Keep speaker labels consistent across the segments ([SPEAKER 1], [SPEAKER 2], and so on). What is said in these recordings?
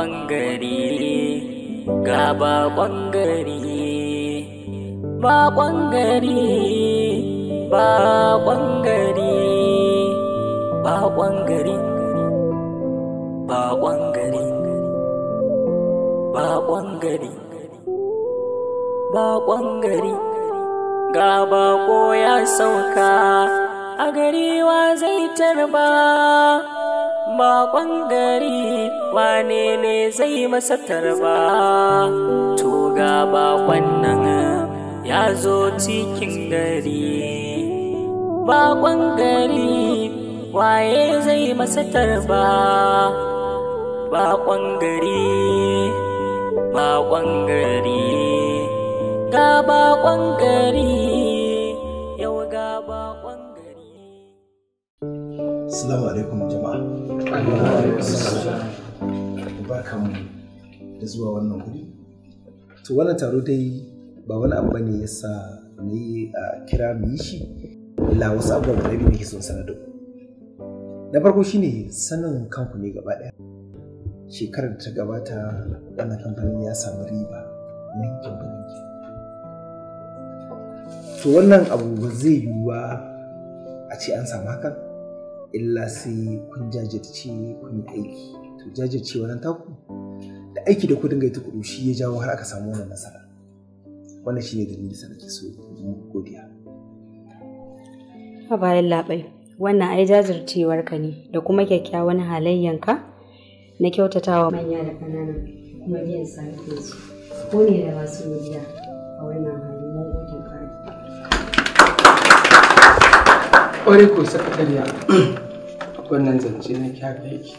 [SPEAKER 1] ɓangare ga ba ɓangare ba ɓangare ba ɓangare ba
[SPEAKER 2] ɓangare ba ɓangare ba ɓangare
[SPEAKER 1] ba ɓangare ga ko ya sauka a gari wa zai tarba bakon gari wane ne zai masa tarba to ga bakon nan ya zo cikin gari bakon gari waye zai masa tarba bakon gari bakon gari ga bakon gari Assalamu alaikum
[SPEAKER 3] jama'a. da zuwa wannan guri to wannan taro dai ba wani abu bane ya sa na yi a kira mu yi shi la wasu abubuwan da biyu nake son sanar na farko shine sanin kanku ne gaba ɗaya shekarar da ta gabata wannan kamfanin ya samu riba ninkin kamfanin ninkin to wannan abu ba zai yiwuwa a ce an samu hakan illa sai kun jajirce kun yi aiki to jajircewa nan taku da aiki da ku dinga kudu shi ya jawo har aka samu wannan nasara wannan shi ne da ke so godiya
[SPEAKER 4] a bayan labai wannan ai jajircewar ka ne da kuma kyakkyawan ka na kyautatawa manya da kananan kuma biyan sa ko ne da masu godiya a wannan hali
[SPEAKER 5] Kwarai ko sakatariya wannan zance na kyaga yake.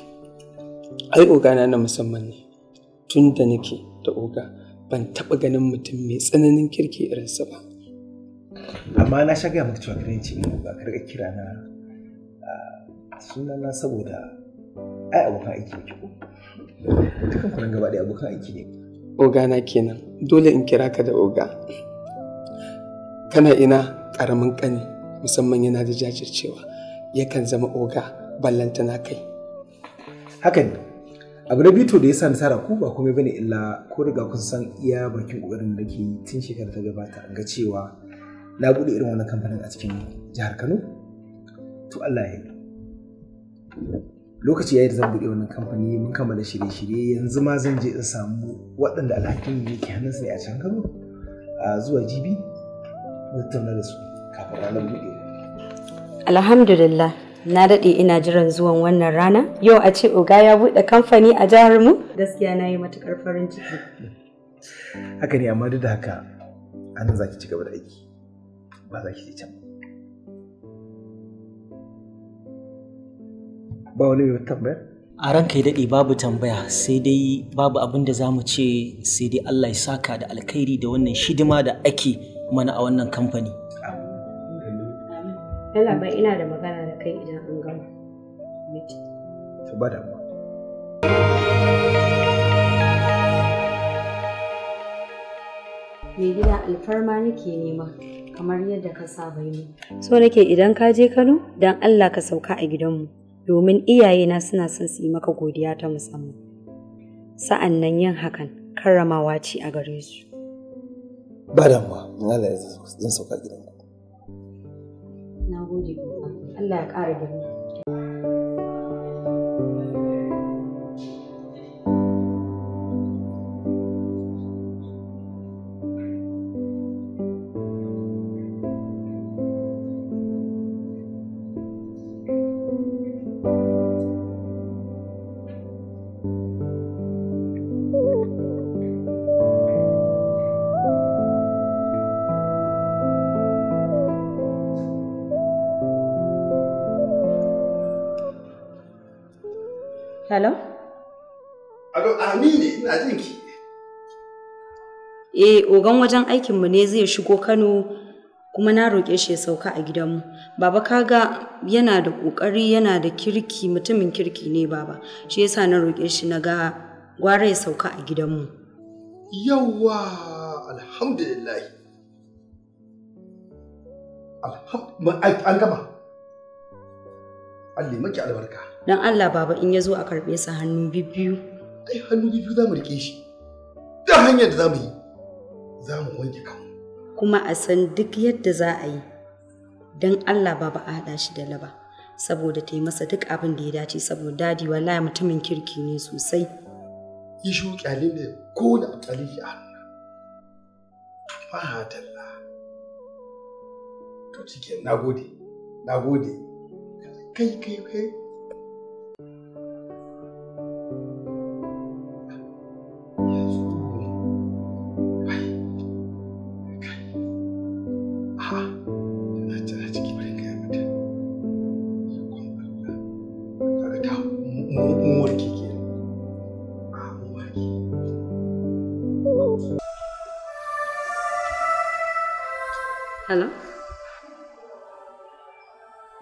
[SPEAKER 5] Ai ogana na musamman ne tun da nake da oga ban taɓa ganin mutum mai tsananin kirki irinsa ba.
[SPEAKER 3] Amma na sha gaya maka cewa kiran ce oga karka kira na sunana saboda ai abokan aiki ne ko. Dukan kwanan gaba ɗaya abokan aiki ne.
[SPEAKER 5] Ogana kenan dole in kira ka da oga. Kana ina ƙaramin ƙani. musamman yana da jajircewa yakan zama oga na kai hakan
[SPEAKER 3] abu na bito da ya sani tara ku
[SPEAKER 5] ba komai bane illa
[SPEAKER 3] ko riga kun san iya bakin kokarin da ke yi tun shekara ta gabata ga cewa na bude irin wani kamfanin a cikin jihar Kano to Allah ya yi lokaci ya yi da zan buɗe wannan kamfani mun kammala shirye-shirye yanzu ma zan je in samu waɗanda alhakin yake hannunsa ne a can Kano a zuwa jibi na tattauna da
[SPEAKER 4] su kafin ranar buɗe. Alhamdulillah na daɗe ina jiran zuwan wannan rana yau a ce oga ya buɗe kamfani a jihar mu gaskiya na yi matuƙar farin ciki.
[SPEAKER 3] Haka ne amma duk da haka an za ki ci gaba da aiki ba za ki je can.
[SPEAKER 6] Ba wani mai tambayar? a ranka ya daɗe babu tambaya sai dai babu abin da za mu ce sai dai Allah ya saka da alkhairi da wannan shidima da ake mana a wannan kamfani
[SPEAKER 4] Yalla ina da magana da kai idan an gama. Mai gida alfarma nake nema kamar yadda ka saba yi. So nake idan ka je Kano dan Allah ka sauka a gidanmu domin iyayena suna son su yi maka godiya ta musamman. Sa'an nan yin hakan karramawa ce a gare su.
[SPEAKER 3] Ba damuwa, in Allah ya zan sauka gidanku.
[SPEAKER 4] ላቅ አድርግልኝ ogan wajen aikinmu ne zai shigo Kano kuma na roƙe shi ya sauka a gidanmu. Baba kaga yana da ƙoƙari yana da kirki mutumin kirki ne baba. Shi yasa na roƙe shi na ga gwara ya sauka a gidanmu.
[SPEAKER 7] Yawwa alhamdulillah. An gama. Allah maki albarka.
[SPEAKER 4] Dan Allah baba in ya zo a karɓe sa hannu biyu. Ai hannu biyu za mu riƙe shi.
[SPEAKER 7] ta hanyar da za mu yi. za mu wanke kanmu
[SPEAKER 4] kuma a san duk yadda za a yi don Allah ba ba a shi da laba saboda ta yi masa duk abin da ya dace saboda dadi wallahi mutumin kirki ne sosai yi shi kyale ne ko
[SPEAKER 7] da tarihi a hannu mahadalla to cikin nagode nagode
[SPEAKER 2] kai kai kai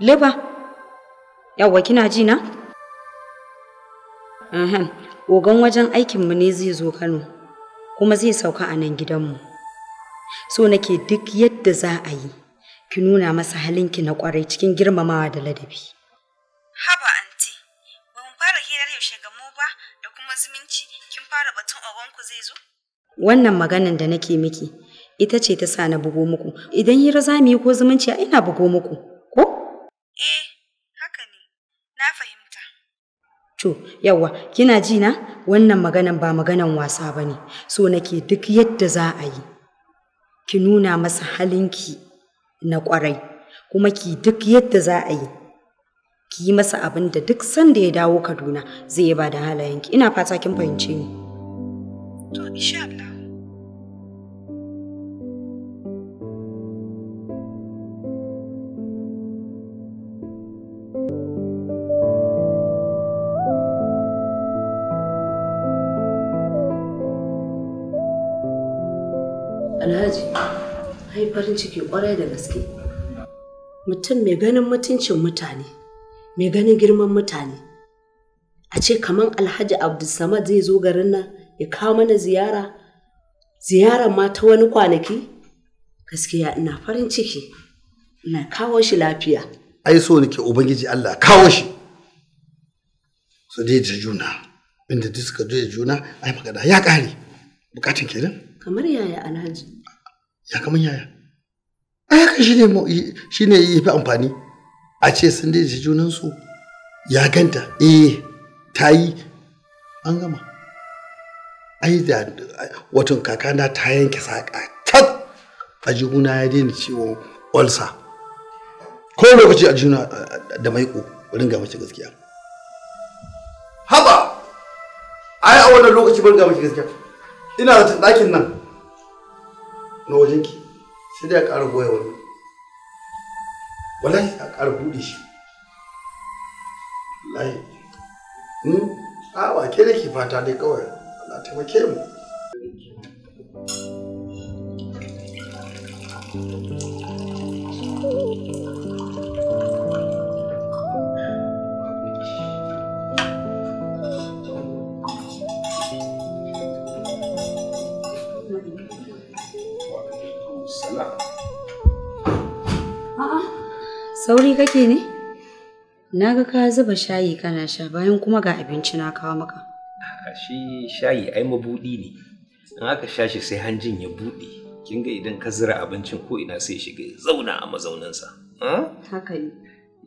[SPEAKER 4] Leba, yawwa kina ji na? Ahem, ogan wajen aikinmu ne zai zo Kano, kuma zai sauka a nan gidanmu. So nake duk yadda za a yi, ki nuna masa halin ki na kwarai cikin girmamawa da ladabi. Haba
[SPEAKER 8] anti, ba mu fara hirar yaushe mu ba da kuma zumunci kin fara batun ogonku zai zo?
[SPEAKER 4] Wannan maganan da nake miki, ita ce ta sa na bugo muku. Idan hira za mu yi ko zumunci ina bugo muku. To, yawa, kina ji na? Wannan maganan ba maganan wasa ba ne, so nake duk yadda za a yi. Ki nuna masa halinki na kwarai kuma ki duk yadda za a yi. Ki yi masa abin da duk sanda ya dawo Kaduna zai ba da halayenki. Ina fata kin fahimce ni. To, Allah.
[SPEAKER 9] farin ciki kwarai da gaske mutum mai ganin mutuncin mutane mai ganin girman mutane a ce kamar alhaji abdulsamad zai zo garin nan ya kawo mana ziyara ziyarar ma ta wani kwanaki gaskiya ina farin ciki ina kawo shi lafiya
[SPEAKER 7] ai so nake ubangiji allah kawo shi su da juna inda duk suka je juna ai magana ya ƙare bukatun kenan
[SPEAKER 9] kamar yaya alhaji
[SPEAKER 7] ya kamar yaya ai haka shine shine yafi amfani a ce sun dai junan su ya ganta eh ta yi an gama ai da watan kakana ta yanke saƙa tat a juna ya daina ciwon olsa ko lokaci a juna da maiko ringa mace gaskiya haba ai a wannan lokaci ban ga miki gaskiya ina da ɗakin nan na wajenki sai dai a ƙara goya wani wallahi a ƙara buɗe shi wallahi hmm? a wa ke da ke fata dai kawai Allah taimake mu
[SPEAKER 4] Sauri kake ne? Na ga ka zuba shayi kana sha bayan kuma ga abinci na kawo maka.
[SPEAKER 10] Shi shayi ai mabuɗi ne. In aka sha shi sai hanjin ya buɗe. Kin ga idan ka zura abincin ko ina sai shiga zauna a mazauninsa. Haka ne.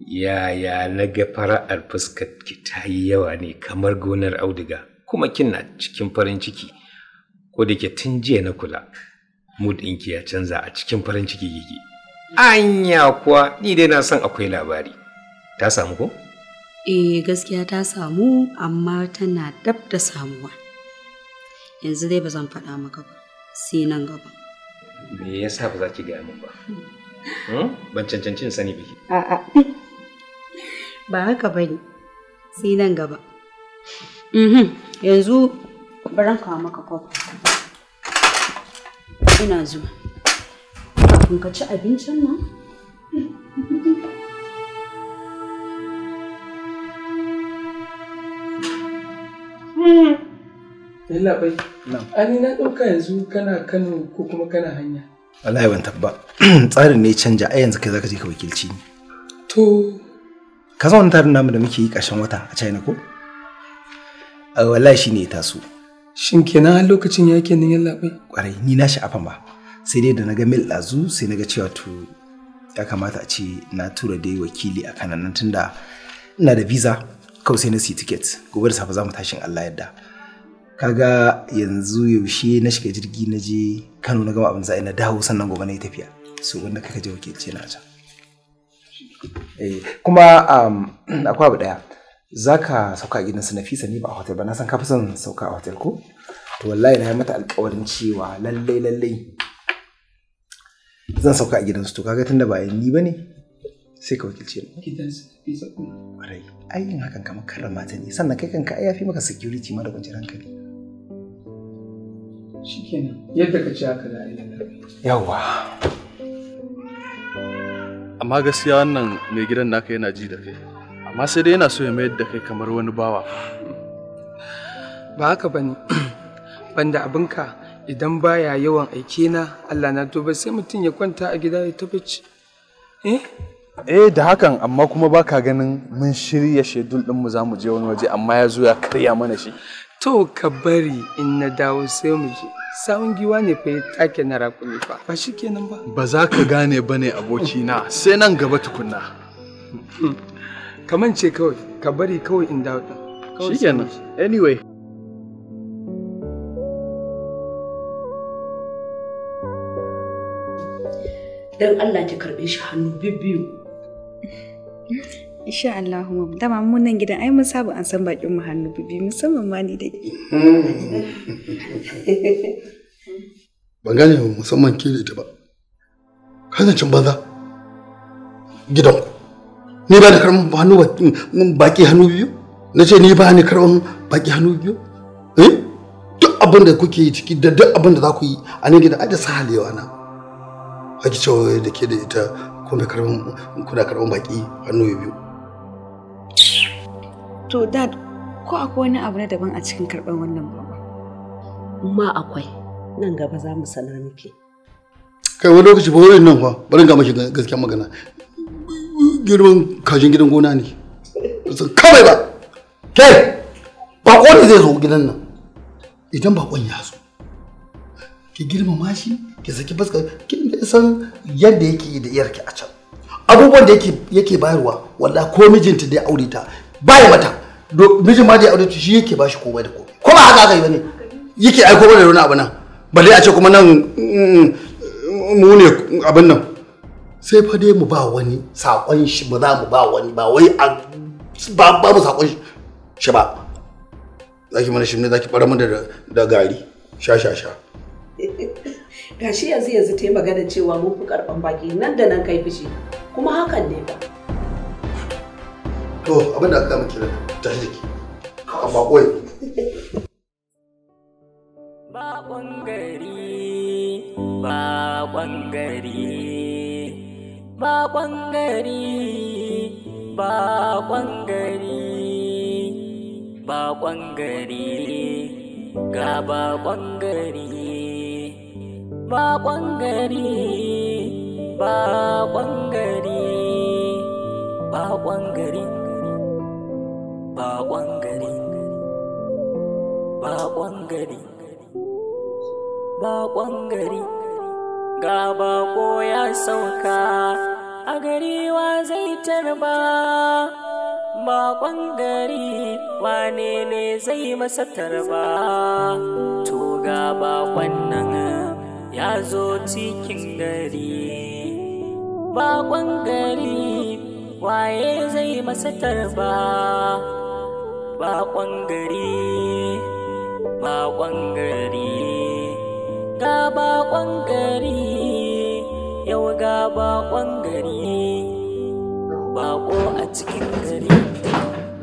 [SPEAKER 10] Yaya na ga fara'ar fuskar ki ta yi yawa ne kamar gonar auduga kuma kin na cikin farin ciki. Ko da ke tun jiya na kula, mood ɗinki ya canza a cikin farin ciki kike. anya kuwa ni dai na san akwai labari ta samu ko
[SPEAKER 4] eh gaskiya ta samu amma tana dab da samuwa yanzu dai ba zan faɗa maka ba sai nan gaba
[SPEAKER 10] me yasa ba za ki gaya min ba hmm? ban cancancin sani biki
[SPEAKER 4] a'a ba haka ne sai nan gaba mhm. yanzu baran kawo maka kofi ina zuwa kafin ka ci abincin nan?
[SPEAKER 5] Yalla bai, ani na ɗauka yanzu kana Kano ko kuma kana hanya.
[SPEAKER 3] Wallahi ban tabba. Tsarin ne canja a yanzu kai zaka je ka wakilci ni. To ka zo wannan tarin namu da muke yi ƙarshen wata a China ko? Wallahi shine ya taso. Shin kenan har lokacin yake nan yalla bai? Kwarai ni na shi afan ba. sai dai da na ga mil ɗazu sai na ga cewa to ya kamata a ce na tura dai wakili a kanan tunda ina da visa kawai sai na si ticket gobe da safe za mu tashin Allah yadda kaga yanzu yaushe na shiga jirgi na je Kano na gama abin za'a na dawo sannan gobe na yi tafiya so wanda kaka je wakilce na can eh, kuma akwai abu daya za ka sauka a gidansu na fisa ne ba a hotel ba na san ka fi son sauka a hotel ko to wallahi na yi mata alkawarin cewa lallai lallai zan sauka a gidansu to kaga tunda ba ni ba ne sai ka wakilce ni ai yin hakan kamar karrama ta ne sannan kai kanka ai yafi maka security ma da kwanciyar hankali
[SPEAKER 5] shikenan yadda ka ci haka da yawa amma gaskiya wannan mai gidan naka yana ji da kai amma sai dai yana so ya mayar da kai kamar wani bawa ba haka bane banda abinka idan baya yawan aike na Allah na tuba sai mutum ya kwanta a gida ya tabbaci
[SPEAKER 7] eh eh da hakan amma kuma baka ganin mun shirya shedul din mu zamu je wani waje amma ya zo ya karya mana shi
[SPEAKER 5] to ka bari in na dawo sai mu je sawun giwa ne fa ya take na rakuni fa ba shikenan ba
[SPEAKER 7] ba za ka gane bane aboki
[SPEAKER 5] na sai nan gaba tukunna ce kawai ka bari kawai in dawo shikenan anyway
[SPEAKER 9] don Allah ki karɓe shi hannu bibbiyu.
[SPEAKER 8] Insha Allah mu dama mu nan gidan ai mun saba an san bakin mu hannu bibbi musamman ma ni da ke.
[SPEAKER 7] Ban gane musamman ke da ita ba. Kazancin banza gidan ku. Ni ba da karɓar hannu baki mm, hannu biyu? Na ce ni ba ni karɓar baki hannu biyu? Eh? Duk abin da kuke yi ciki da duk abin da za ku yi a nan gidan ai da sahalewa na. haki cewa da ke da ita kuma kuna karɓar baƙi hannu biyu.
[SPEAKER 8] To dad ko akwai wani abu na daban a cikin karɓar wannan ba Ma akwai
[SPEAKER 9] nan gaba za mu sana miki.
[SPEAKER 7] Kai wani lokaci ba wani nan fa bari ga mashi gaskiya magana. Girman kajin gidan gona ne. Kawai ba. Kai baƙo ne zai zo gidan nan. Idan baƙon ya zo ki girmama shi ki saki fuska kin da san yadda yake da iyarki a can abubuwan da yake yake bayarwa wallahi ko mijinta da aure ta bai mata mijin ma da aure ta shi yake bashi komai da komai ko ba haka aka yi bane yake aiko mana da wani abu nan balle a ce kuma nan mm, mm, mu ne abin nan sai fa dai mu ba wani sakon shi ba za mu ba wani ba wai a ba ba mu sakon shi ba zaki mana shi ne zaki fara mana da gari sha sha sha
[SPEAKER 9] gashi yanzu yanzu ta yi magana cewa mun fi karɓan baki nan da nan kai fushi kuma hakan ne ba
[SPEAKER 7] to abin da aka miki ta jiki amma koyi
[SPEAKER 1] ba bangare ba bangare ba bangare ba bangare ba bangare ga ba bangare Ba kwangari ba kwangari ba kwangari ba kwangari ba kwangari ba gari ga ko ya sauka a gari wa zai tarba ba kwangari wane ne zai masa tarba to ga ba kwannan. ya zo cikin gari baƙon gari waye zai masa tarba bakon gari baƙon gari ga bakon gari yau ga bakon gari
[SPEAKER 2] ko a cikin gari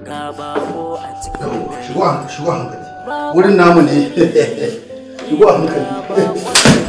[SPEAKER 7] ga ko a cikin gari wurin namu ne shigo hankali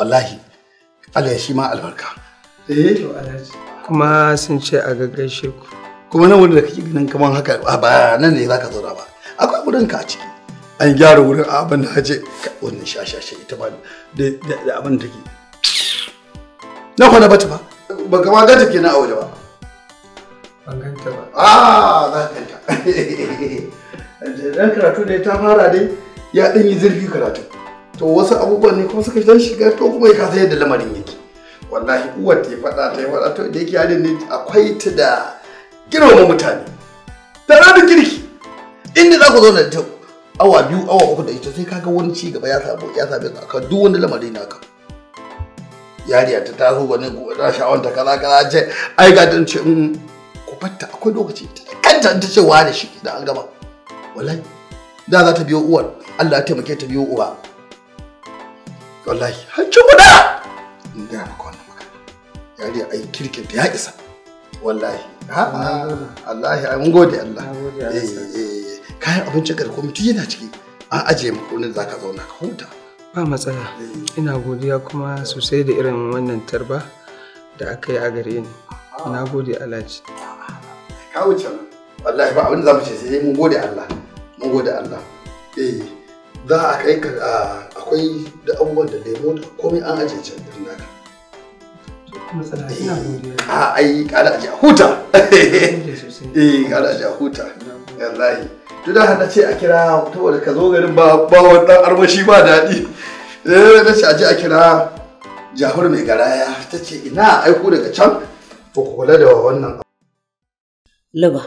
[SPEAKER 7] wallahi Allah ya shi ma albarka eh to alhaji kuma sun ce a gaggaishe ku kuma nan wurin da kake ganin kaman haka ba nan ne zaka zauna ba akwai wurin ka a ciki an gyara wurin abin da haje wannan shashashe ita ba da abin da take na kwana bata ba ba ma ganta kenan a waje ba
[SPEAKER 5] ban ganta ba a ah,
[SPEAKER 7] za ka ganta dan karatu ne ta fara dai ya dan yi zurfi karatu to wasu abubuwan ne kuma suka dan shiga to kuma ya kasa yadda lamarin yake wallahi uwar ta faɗa ta faɗa to da yake halin ne akwai ta da girma mutane tare da kirki inda za ku zo da ta awa biyu awa uku da ita sai kaga wani ci gaba ya samu ya same ka kan duk wani lamarin naka yariya ta taso wani na sha'awar ta kaza kaza ce ai ga dan ce mm, mm, ku fatta akwai lokaci ta kanta ta ce wa da shi da an gama wallahi da za ta biyo uwar Allah ya taimake ta biyo uwa wallahi har ci da in gaya maka wannan magana yariya ai kirkin ta ya isa wallahi a'a wallahi ai mun gode Allah eh, eh, eh kayan abincin karko mutum yana ciki an ajiye maka wurin zaka zauna ka huta
[SPEAKER 5] ba matsala eh. ina godiya kuma sosai da irin wannan tarba da aka yi a gare ni ah. na gode alhaji
[SPEAKER 7] ka wuce wallahi ba abin da za mu ce sai mun gode Allah mun gode Allah eh za a kai ka akwai da abubuwan da lemo da komai an ajiye can gurin naka eh, a ai kada aje a huta eh kada aje a huta wallahi to da hada ce a kira saboda ka zo garin ba ba wannan armashi ba daɗi eh da ce aje a kira jahur mai garaya ta ce ina aiko daga can ba ku kula da wannan
[SPEAKER 9] Luba,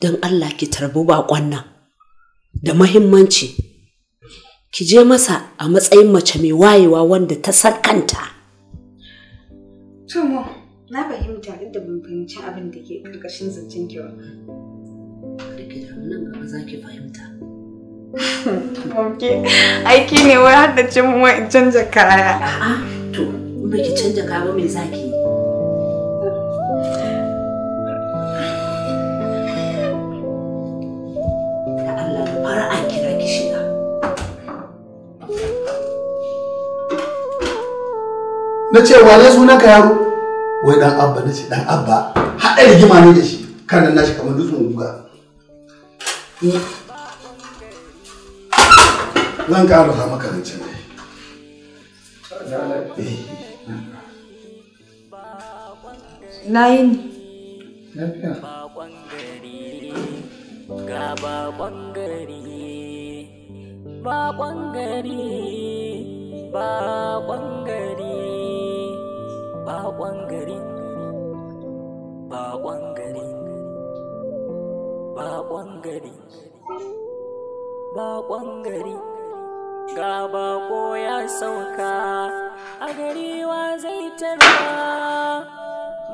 [SPEAKER 9] don Allah ki tarbi baƙon nan da muhimmanci. ki je masa a matsayin mace mai wayewa wanda ta san kanta.
[SPEAKER 8] Tumo, na fahimta duk da ban fahimci abin da ke ƙarƙashin zancen ki ba. Rike da nan gaba za ki fahimta. Ok, aiki ne wai har da cin wa in canja kaya. A'a, to, in ba ki canja kaya ba me zaki?
[SPEAKER 7] na ce wa wane suna ka yaro wai dan abba na ce dan abba haɗa rigima ne da shi kan nan nashi kamar dutsen guga zan ƙara sa maka rance dai eh.
[SPEAKER 8] na yi ne gaba
[SPEAKER 1] ɓangare ba ɓangare ba ɓangare bakon gari bakon gari bakon gari bakon gari ga bako ya sauka a gari wa zai tarwa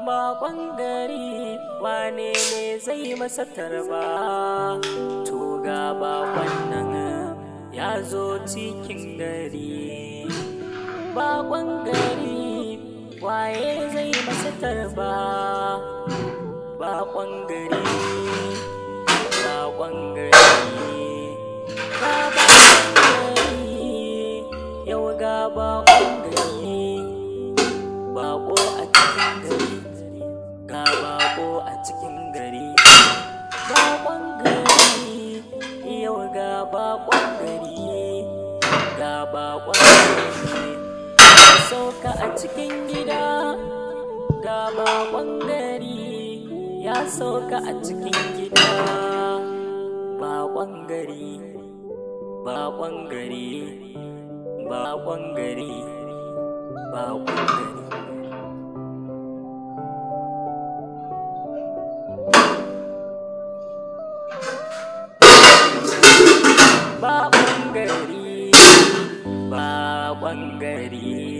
[SPEAKER 1] bakon gari wane ne zai masa tarba to ga bakon nan ya zo cikin gari bakon gari waye zai masa ba baƙon gari baƙon gari baƙon gari yau ga baƙon gari baƙo a cikin gari ga baƙo a cikin gari baƙon gari yau ga baƙon gari ga baƙon gari soka a cikin gida ga bakon gari ya soka a cikin gida bakon gari bakon gari bakon gari bakon gari Bakon gari, bakon gari.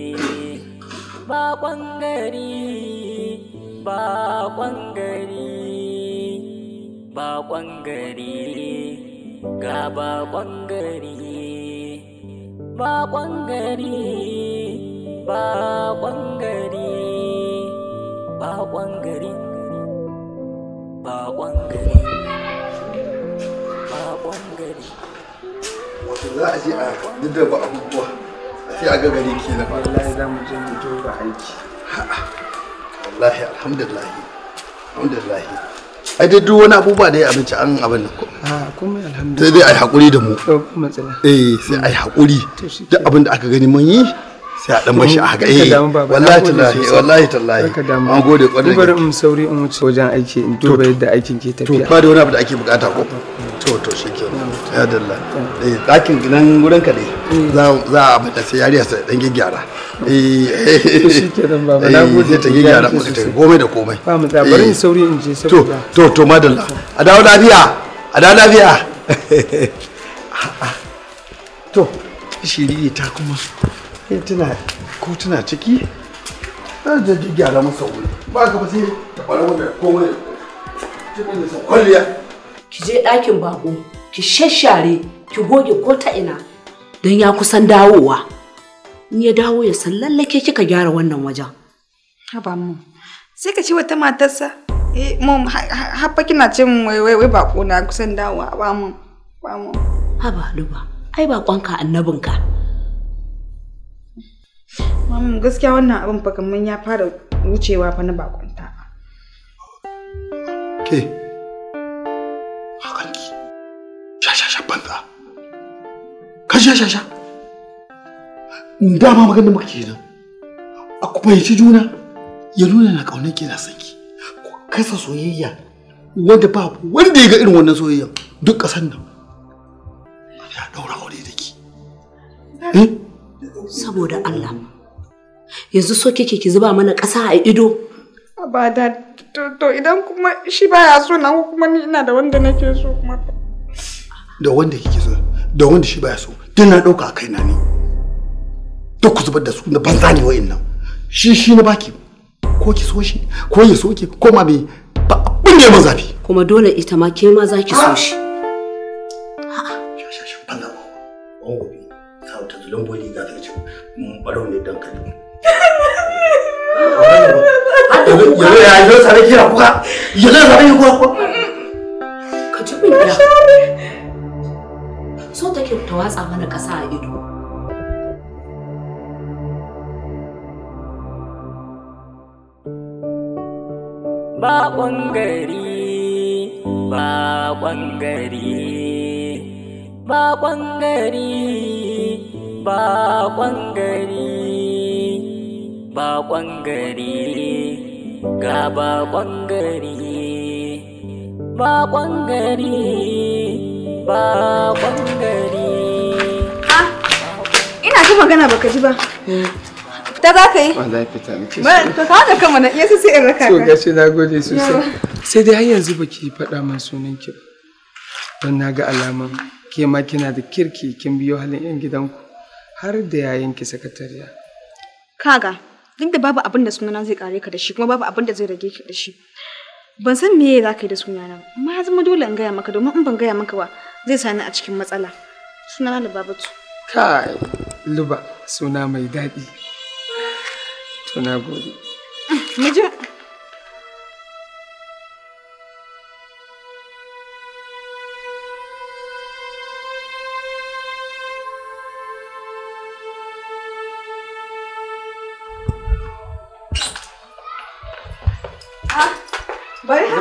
[SPEAKER 1] ba ƙwangari ba ƙwangari ba ƙwangari ga ba ƙwangari ba ƙwangari ba ƙwangari ba ƙwangari ba ƙwangari ba ƙwangari
[SPEAKER 7] wato za a je a duk da ba abubuwa sai a ga gari ke na wallahi za mu je mu duba aiki wallahi ai dai duk wani abubuwa da ya abinci an abin nan ko kuma alhamdulillah sai dai ai hakuri da mu eh sai ai hakuri duk abin da aka gani mun yi sai a dan bashi a haka eh wallahi tallahi wallahi tallahi an gode kwarai bari
[SPEAKER 5] in sauri in wuce wajen aiki in duba yadda aikin ke tafiya to ba da wani abu da
[SPEAKER 7] ake bukata ko to to shi ke nan eh, ka za a bada sai yari sai dan gyara eh, shi ke nan eh, ta gyara ta komai da komai bari in sauri in je saboda to to madalla a dawo lafiya a dawo lafiya to shiri ta kuma tana ko tana ciki ta je gyara masa wuri ba ka ba sai ta fara wanda komai cikin da sa kwalliya
[SPEAKER 9] ki je ɗakin bako ki shashare ki goge ko ta ina don ya kusan dawowa
[SPEAKER 8] in ya dawo ya san lallake kika gyara wannan wajen haba mu sai ka ce wata matarsa eh mom haba kina cin wai wai wai bako na kusan dawowa ba mu ba mu haba luba ai
[SPEAKER 9] bakonka annabinka
[SPEAKER 8] Mamu gaskiya wannan abin fa kaman ya fara wucewa fa na bakonta. Ke, sha sha sha
[SPEAKER 7] dama maganar muka kenan a ku fahimci juna ya nuna na ƙaunar ke na sanki ku kasa soyayya wanda ba wanda ya ga irin wannan soyayya duk ƙasar nan ya
[SPEAKER 8] ɗaura aure da ki eh? saboda
[SPEAKER 9] Allah yanzu so kike ki zuba mana
[SPEAKER 8] ƙasa a ido ba da to idan kuma shi baya so nan kuma ni ina da wanda nake so kuma
[SPEAKER 7] da wanda kike so da wanda shi baya so duk na ɗauka a kaina ne duk ku zubar da su na banza ne wa'in nan shi shi na baki ko ki so shi ko ya so ki ko ma me ba abin da ya zafi kuma dole ita
[SPEAKER 9] ma ke ma za ki so shi
[SPEAKER 7] lamboli za ta ce barau ne dan kaji yanzu ya zo tsare kira kuka yanzu ya tsare kira kuka
[SPEAKER 9] ka ji so take ta watsa mana ƙasa a ido.
[SPEAKER 2] Ba ba ƙwangari,
[SPEAKER 1] ba ƙwangari, ba ba ƙwangari, ga ba ba ba
[SPEAKER 8] gari. Ha? Ina ta magana baka ji ba. Fita za ka yi?
[SPEAKER 5] Wallahi fita Ka kawo da kanmu na iya su sai in raka ka. gashi na gode sosai. Sai dai har yanzu baki faɗa min sunan ki. Don na ga alaman ke ma kina da kirki kin biyo halin 'yan gidanku har da yayin ki sakatariya.
[SPEAKER 8] Kaga, duk da babu abin da sunana zai kare ka da shi kuma babu abin da zai rage ka da shi. Ban san me za ka yi da sunana, amma ya zama dole in gaya maka domin in ban gaya maka ba zai sani a cikin matsala suna na Batu.
[SPEAKER 5] kai Luba suna mai daɗi Tuna gobe.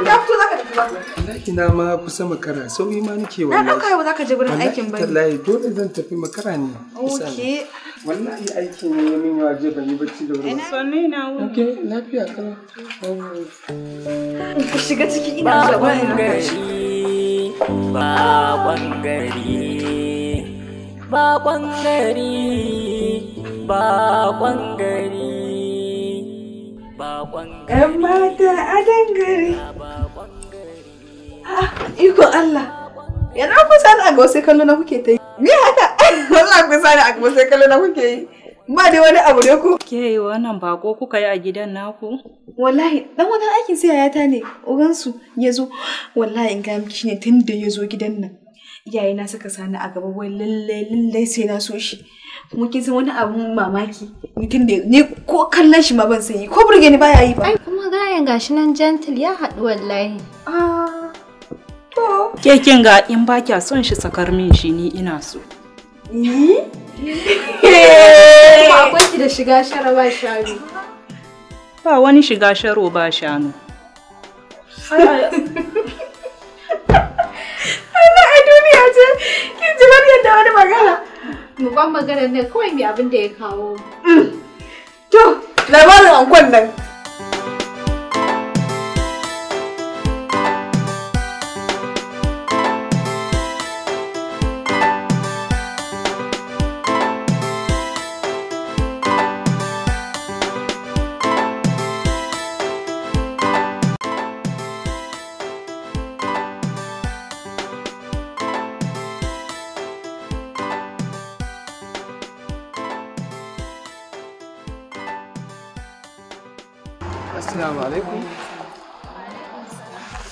[SPEAKER 8] ka fito tafi ba. Wallahi
[SPEAKER 5] na ma kusa makara sauyi ma nake wallahi. Na ɗauka za ka je aikin ba. Wallahi dole zan tafi makara ne. Wallahi aiki ne ya min yawa ban yi bacci da wuri.
[SPEAKER 11] Sanne na wuri. Okay lafiya kana. Ku shiga ciki
[SPEAKER 8] ina wani gari.
[SPEAKER 1] Ba Ba
[SPEAKER 8] Ba Iko Allah. Yana sani a agwa sai kallo na kuke ta yi. Me haka? Wallahi sani a agwa sai kallo na kuke yi. Ba dai wani abu ne
[SPEAKER 11] ku. Ke wannan bako kuka yi a gidan
[SPEAKER 8] naku? Wallahi dan wannan aikin sai ta ne. Ugansu ya zo. Wallahi in ga miki ne tun da ya zo gidan nan. Iyaye na suka sani a gaba wai lalle lalle sai na so shi. Kuma kin san wani abu mamaki. Ni tun da ni ko kallon shi ma ban san yi ko burge
[SPEAKER 4] ni baya yi ba. Ai kuma yan gashi nan gentle ya haɗu wallahi. Ah
[SPEAKER 8] To.
[SPEAKER 11] Ke kin ga in ba kya son shi sakar min shi ni ina so.
[SPEAKER 8] Eh. Kuma akwai ki da shiga shara ba shanu.
[SPEAKER 11] Ba wani shiga sharo ba shanu.
[SPEAKER 8] Allah a duniya ce kin ji wani da wani magana. Mugan magana ne kawai mai abin da ya kawo. Mm. To, labarin kwan
[SPEAKER 2] nan.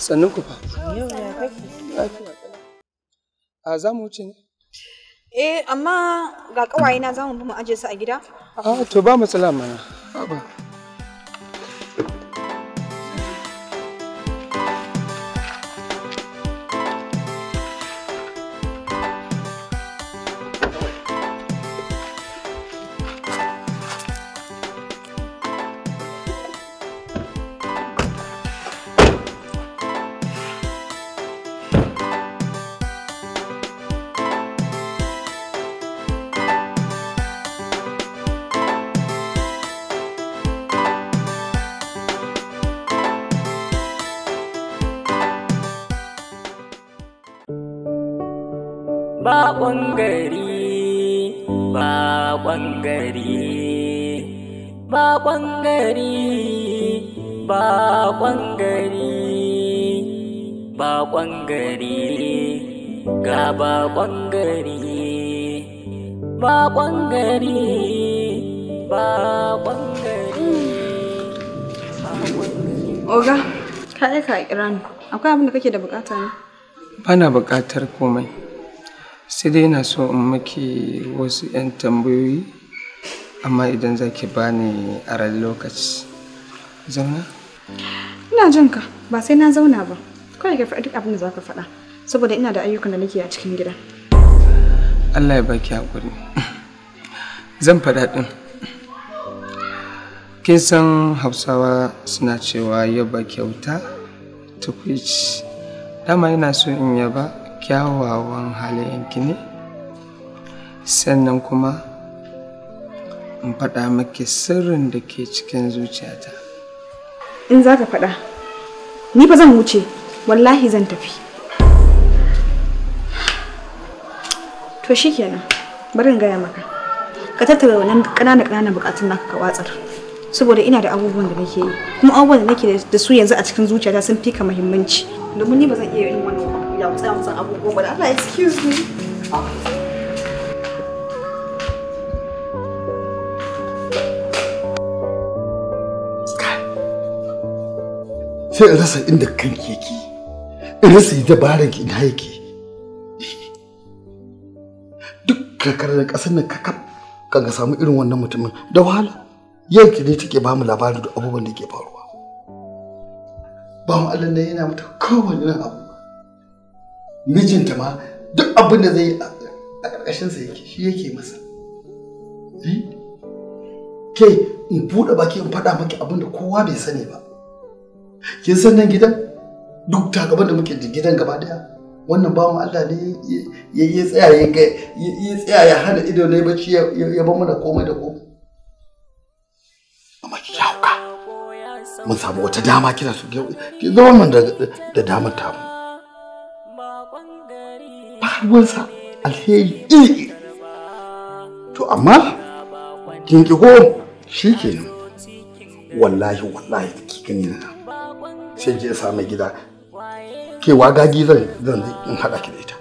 [SPEAKER 5] sannan ku fa a za mu wuce ne
[SPEAKER 8] eh amma ga na za mu bi mu aje su a gida a ah, to
[SPEAKER 5] ba matsala mana ba
[SPEAKER 1] ɓangare ga ba ɓangare ba ɓangare ba ɓangare
[SPEAKER 8] oga ka yi ka kira ni akwai abin da kake da bukata ne
[SPEAKER 5] bana bukatar komai sai dai ina so in maki wasu 'yan tambayoyi amma idan za ki bani a ran lokaci zauna
[SPEAKER 8] ina jinka ba sai na zauna ba kawai ka faɗi duk abin da za ka faɗa saboda ina da ayyukan da nake a cikin gida
[SPEAKER 5] Allah ya baki hakuri zan faɗa ɗin kin san hausawa suna cewa yaba kyauta tukwici dama ina so in yaba kyawawan halayenki ne sannan kuma in faɗa maki sirrin da ke cikin zuciyata
[SPEAKER 8] in za ka faɗa ni fa zan wuce wallahi zan tafi to shikenan bari in gaya maka ka tattara wannan ƙananan ƙananan bukatun naka ka watsar saboda ina da abubuwan da nake yi kuma abubuwan da nake da su yanzu a cikin zuciyata sun fi ka muhimmanci domin ni ba zan iya yin wannan ya tsaya musan abubuwa ba da Allah excuse me
[SPEAKER 7] sai a rasa inda kanki yake rasa dabarar ina yake duk kakar da ƙasar nan kakaf kan ka samu irin wannan mutumin da wahala yau ki ne take ba mu labarin duk abubuwan da ke faruwa ba mu Allah ne yana mata kowane irin abu mijinta ma duk abin da zai yi a ƙarƙashinsa yake shi yake masa eh? ke in buɗe baki in faɗa maki abin da kowa bai sani ba kin san nan gidan duk ta gaban da muke gidan gaba daya wannan bawan Allah ne ya tsaya ya ga ya tsaya ya hana ido ne bacci ya ba mana komai da komai amma ki hauka mun samu wata dama kina so ki zama mun da dama ta mu ba wasa alheri iri to amma kin ki ko shi kenan wallahi wallahi ki gani na sai ki sa mai gida kewa gagi zan zan in haɗa ki da ita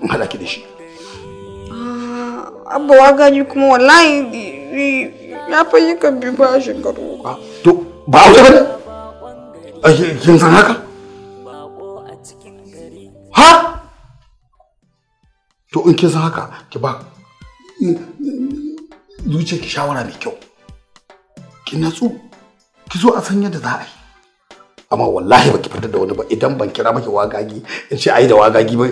[SPEAKER 7] in haɗa ki da shi
[SPEAKER 8] ah, abba wa gagi kuma wallahi ya fa yi kan bi ba shekaru ah,
[SPEAKER 7] to ba wuce ba ne kin san haka ha to in kin san haka ki ba zuciya ki shawara mai kyau ki natsu ki zo a san yadda za a yi amma wallahi baki fitar da wani ba idan ban kira maki wagagi in ce ayi da wagagi ba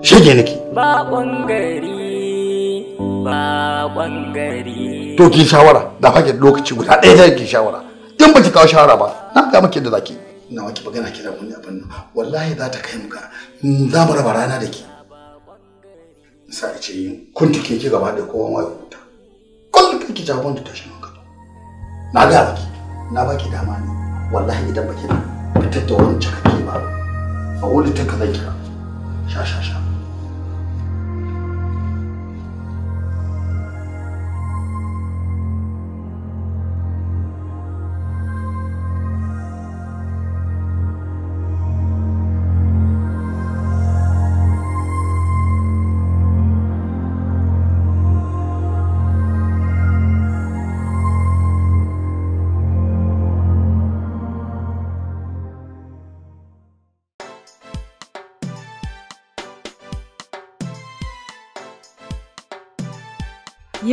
[SPEAKER 7] shege nake
[SPEAKER 1] ba bangare
[SPEAKER 7] ba bangare to ki shawara da fage lokaci guda ɗaya da ki shawara in baki kawo shawara ba na ga maki da zaki ina maki magana kira mun ya banna wallahi za ta kai muka mm, za mu raba rana da ki sai ce kun tike ki gaba da kowa ma ya huta kullum kake jagon da tashin hankali na ga baki na baki dama ne wallahi idan baki fitar da wani cikakke ba a wani ta ka zai kira sha sha sha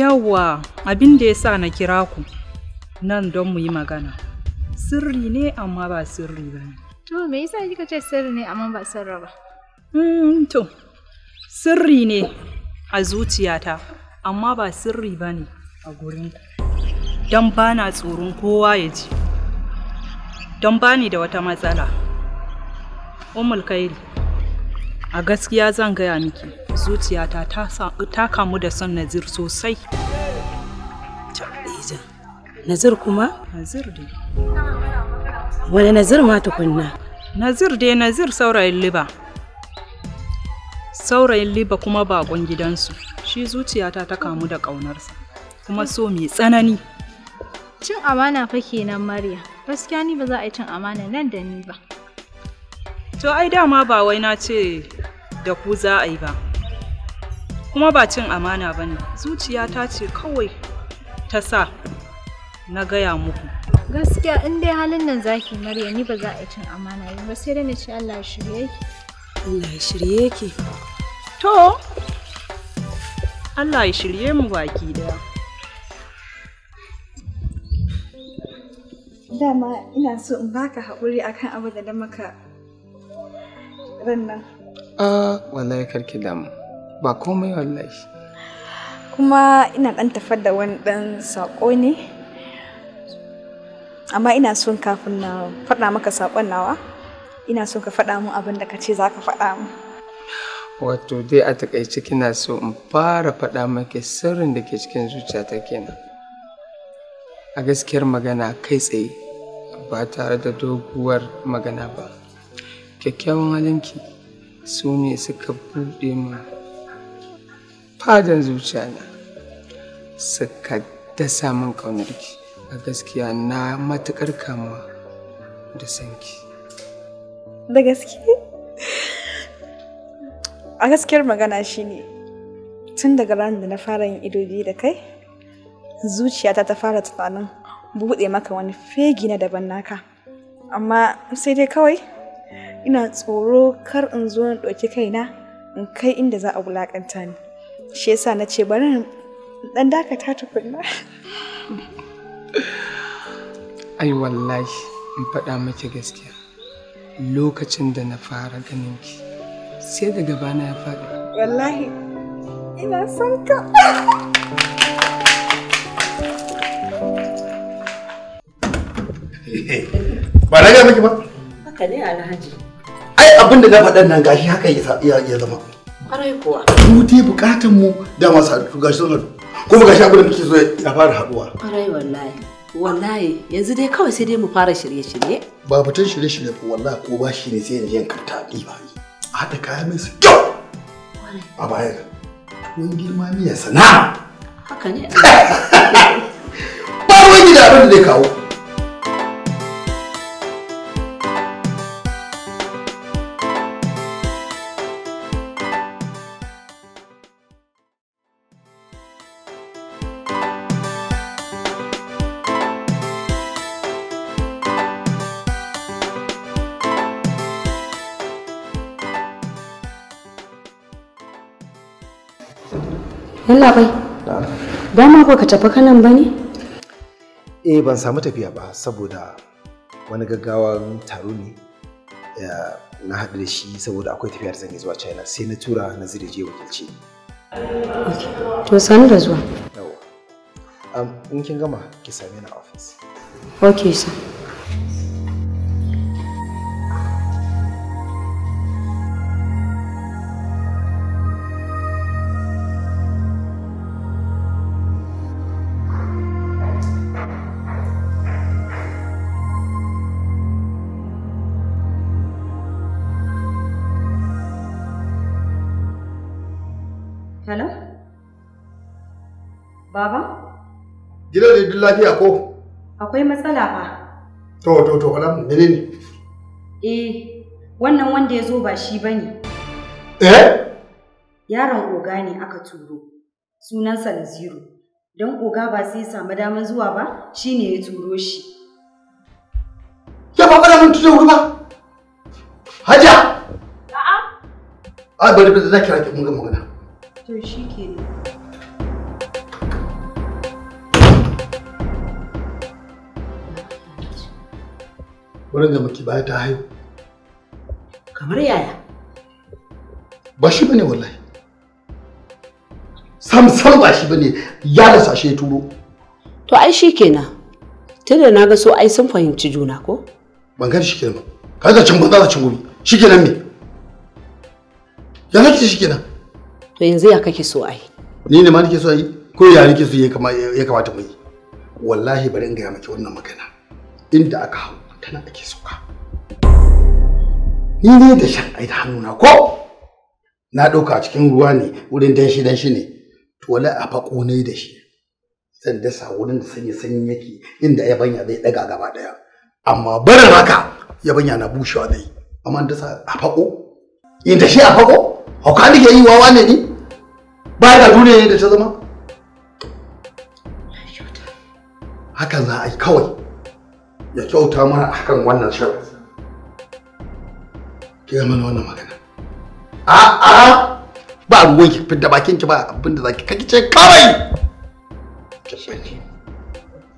[SPEAKER 11] Yawwa, abin da ya sa na kira ku nan don mu yi magana. Sirri ne amma ba sirri ba ne.
[SPEAKER 8] To, me yasa kika ce sirri ne amma ba sirri ba?
[SPEAKER 11] Mm, to, sirri ne a zuciyata amma ba sirri ba ne a gurin Don ba na tsoron kowa ya ji. Don ba ni da wata matsala. Umul Kairi, a gaskiya zan gaya miki. zuciyata ta kamu da son nazir sosai nazir kuma? nazir dai
[SPEAKER 9] wani nazir ma tukunna
[SPEAKER 11] nazir dai nazir saurayin liba saurayin liba kuma bakon gidansu shi zuciyata ta kamu da ƙaunarsa kuma so mai tsanani cin amana fa kenan Maryam gaskiya ni ba za a yi cin amana nan da ni ba to ai dama ba wai na ce da ku za a yi ba kuma ba cin amana ba ne Zuciya ta ce kawai ta sa na gaya muku gaskiya in
[SPEAKER 8] dai halin nan zaki marya ni ba za a cin amana ba sai dai na ce Allah ya shirye ki
[SPEAKER 11] Allah ya shirye ki to Allah ya shirye mu baki daya
[SPEAKER 8] dama ina so in baka haƙuri akan abu da maka ran nan a ah,
[SPEAKER 5] wallahi karki damu ba komai wallahi
[SPEAKER 8] kuma ina ɗan tafar da wani ɗan saƙo ne amma ina son kafin na faɗa maka saƙon nawa ina son ka faɗa mun abin da ka ce za ka faɗa mun
[SPEAKER 5] wato dai a takaice kina so in fara faɗa maka sirrin da ke cikin zuciyata kenan a gaskiyar magana kai tsaye ba tare da doguwar magana ba kyakkyawan halinki su ne suka buɗe mu fadan zuciya na suka dasa min ƙaunarki a gaskiya na matukar kamuwa da sanki
[SPEAKER 8] da gaske a gaskiyar magana shine tun daga ranar da na fara yin ido biyu da kai zuciyata ta fara tunanin buɗe maka wani fegi na daban naka amma sai dai kawai ina tsoro kar in zo na ɗauki kaina in kai inda za a wulaƙanta ni shi yasa na ce bari dan dakata tukunna
[SPEAKER 5] ai wallahi in faɗa miki gaskiya lokacin da na fara ganin ki sai da na ya faɗi
[SPEAKER 8] wallahi ina son ka
[SPEAKER 7] ba na ga miki ba
[SPEAKER 9] haka ne alhaji
[SPEAKER 7] ai abin da na faɗan nan gashi haka ya zama Kwarai kuwa. Mu dai bukatun mu da masu haɗu gashi sun haɗu. Kuma gashi abin da muke so ya fara haɗuwa.
[SPEAKER 9] Kwarai wallahi. Wallahi yanzu dai kawai sai dai mu fara
[SPEAKER 7] shirye-shirye. Ba batun shirye-shirye ba wallahi ko ba shi ne sai yanzu yankan ta A haɗa kaya mai su kyau. A bayan. Tuwon girma miya sana'a. Haka ne. Ba wani da abin da zai kawo.
[SPEAKER 4] Yalla bai. Dama ba ka tafi kanan ba ne?
[SPEAKER 3] Eh ban samu tafiya ba saboda wani gaggawan taro ne na haɗu da shi saboda akwai tafiyar zan yi zuwa China sai na tura na zira je wakilci.
[SPEAKER 4] To sani da zuwa.
[SPEAKER 3] Yawa. In kin gama ki same ni a ofis.
[SPEAKER 4] Okay sir. lafiya ko? Akwai matsala ba.
[SPEAKER 7] To, to, to, wala mene ne?
[SPEAKER 4] Eh, wannan wanda ya zo ba shi ba ne. Eh? Yaron oga ne aka turo, sunansa zero. Don oga ba sai samu damar zuwa ba, shi ne ya turo shi.
[SPEAKER 7] Ya ba fara mun tuzo ba? Hajiya! A'a. Ai, bari bari za ki rake mun ga magana.
[SPEAKER 8] To, shi ke ne.
[SPEAKER 7] wurin da muke baya ta haihu kamar yaya ba shi bane wallahi sam sam ba shi bane
[SPEAKER 9] ya da sashe turo to ai shi kenan tunda na ga so ai sun fahimci juna ko
[SPEAKER 7] ban gani shi kenan ba ga cin banza da cin gobe shi kenan me ya kake shi kenan
[SPEAKER 9] to yanzu ya kake so ai
[SPEAKER 7] ni ne ma nake so ai ko ya nake so ya kamata mu yi wallahi bari in ga maki wannan magana inda aka hau tana ake sauka ni ne da shan aida da hannuna ko na ɗauka a cikin ruwa ne wurin danshi danshi ne to wala a faƙo ne da shi zan dasa wurin da sanyi sanyi yake inda yabanya zai ɗaga gaba ɗaya amma barin haka yabanya na bushewa zai amma dasa a faƙo da shi a faƙo hauka nake yi wawa ne ni baya da duniya ne da ta zama haka za a yi kawai ya kyauta mana akan wannan shirin ki ga mana wannan magana a a ba ruwan ki fidda bakin ki ba abinda za zaki kake ce kawai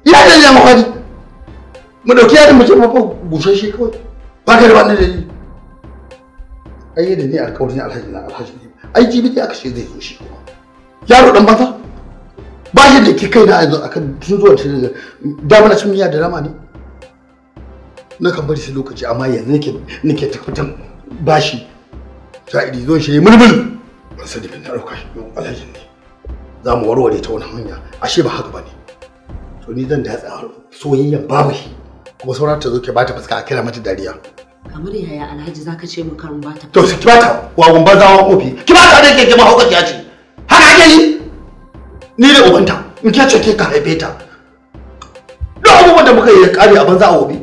[SPEAKER 7] Ya da ya mafari mu dauki yadda mutum mafa shi kawai ba ka da wannan dalili ai yadda ne alkawarin alhaji na alhaji ne ai jibi ne aka ce zai zo shi kuma yaro dan baza? ba shi da ki kai na yanzu akan sun zo da mana sun yi da rama ne na kan bari shi lokaci amma yanzu nake nake tafitan bashi idi zo shi mulmul ban sani ban dauka shi don alhaji ne za mu warware ta wani hanya ashe ba haka ba ne to ni zan da soyayya babu shi kuma saurata ta zo ke bata fuska a kira mata dariya
[SPEAKER 9] kamar yaya alhaji zaka ce mun karin bata
[SPEAKER 7] to ki bata gumba za wa kofi ki bata da ke ma hauka ki ce haka ake ni ni da ubanta in ke ce ke ka haife ta duk abubuwan da muka yi ya kare a banza a wobi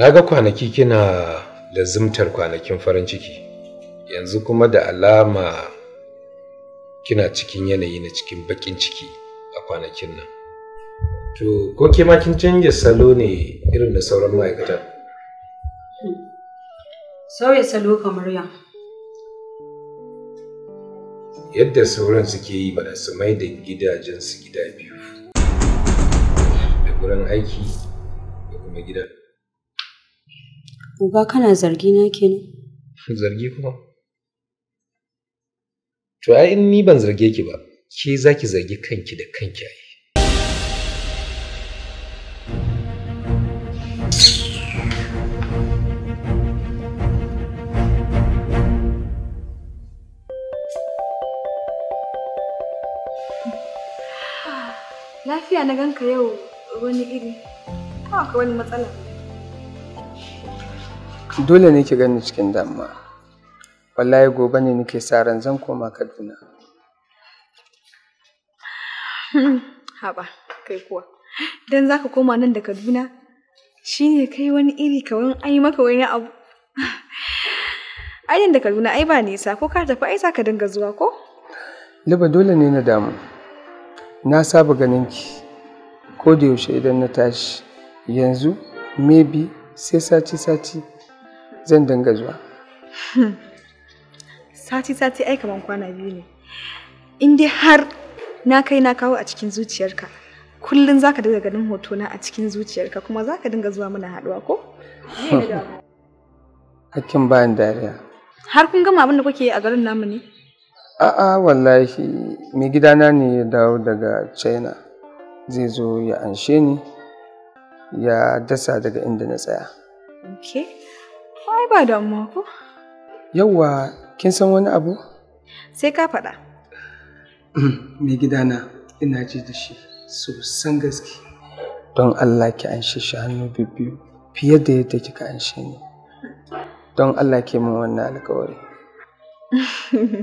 [SPEAKER 10] Na ga kwanaki kina lazimtar kwanakin farin ciki, yanzu kuma da alama kina cikin yanayi na cikin bakin ciki a kwanakin nan. To, ko ke ma kin canja salo ne irin da sauran ma'aikata?
[SPEAKER 4] Sauya salo kamar ya.
[SPEAKER 10] Yadda sauran suke yi ba su mai da gidajensu gida biyu, da gurin aiki da kuma gidan.
[SPEAKER 4] Uba kana zargi na kenan.
[SPEAKER 10] Zargi kuma? To ai in ni ban zarge ki ba, ke za ki zargi kanki da kanki ai.
[SPEAKER 8] Lafiya na ganka yau wani iri, kawaka wani matsala.
[SPEAKER 5] dole ne ki gani cikin damuwa wallahi gobe ne nake sa ran zan koma kaduna
[SPEAKER 8] hmm, haba kai kuwa dan zaka koma nan da kaduna shine kai wani iri kawai ai maka wani abu ai da kaduna ai ba nisa ko ka tafi ai zaka dinga zuwa ko
[SPEAKER 5] liba dole ne na damu na saba ganin ki ko da yaushe idan na tashi yanzu maybe sai sati sati zan dinga zuwa
[SPEAKER 8] sati sati ai kaman kwana biyu ne in dai har na kai na kawo a cikin zuciyarka kullum zaka dinga ganin hotona a cikin zuciyarka kuma zaka dinga zuwa muna haɗuwa ko
[SPEAKER 5] hakkin bayan dariya
[SPEAKER 8] har kun gama abin da kuke yi a garin namu ne
[SPEAKER 5] a'a wallahi mai gidana ne ya dawo daga china zai zo ya anshe ni ya dasa daga inda na tsaya
[SPEAKER 8] okay. ai ba damuwa ko?
[SPEAKER 5] Yawwa, kin san wani abu? Sai ka faɗa. Mai gidana ina ji da shi sosan gaske. Don Allah ki an shi hannu biyu fiye da yadda kika an shi ni. Don Allah ki min wannan alkawari.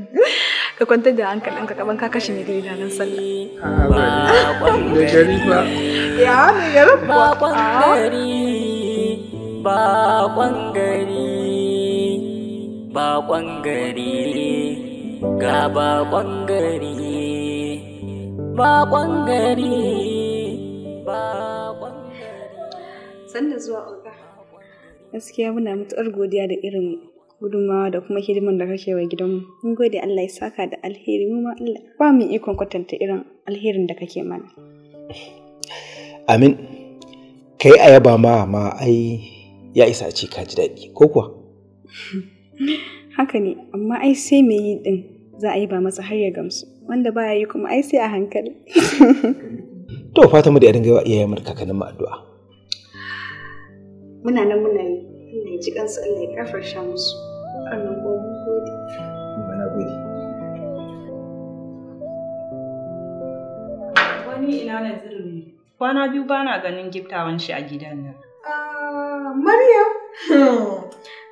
[SPEAKER 8] Ka kwantar da hankalinka kaman ka kashe ne da idanun sallah.
[SPEAKER 5] Ba gari ba.
[SPEAKER 8] Ya, mai
[SPEAKER 1] gari ba. Ba gari. Ba gari, baƙon gari, ga baƙon gari,
[SPEAKER 8] baƙon gari, baƙon gari. da zuwa Olga. Gaskiya muna matuƙar godiya da irin gudunmawa da kuma hidiman da kake wa gidanmu. Mun gode Allah ya saka da alheri mu ma Allah ba mu ikon kwatanta irin alherin da kake mana.
[SPEAKER 3] Amin. Kai ayaba ma ma ai ya isa a ce ka ji daɗi ko kuwa
[SPEAKER 8] haka ne amma ai sai me yi din za a yi ba masa har ya gamsu wanda baya yi kuma ai sai a hankali
[SPEAKER 3] to fata mu da 'yarin gaiwa iyayen murka kakannin mu addu'a
[SPEAKER 8] muna nan muna yi Allah ji kansu Allah ya sha
[SPEAKER 11] musu Allah ko mu gode mana gode wani ina na zirmi kwana biyu bana ganin giftawan shi a gidan nan
[SPEAKER 8] Ah, Maryam.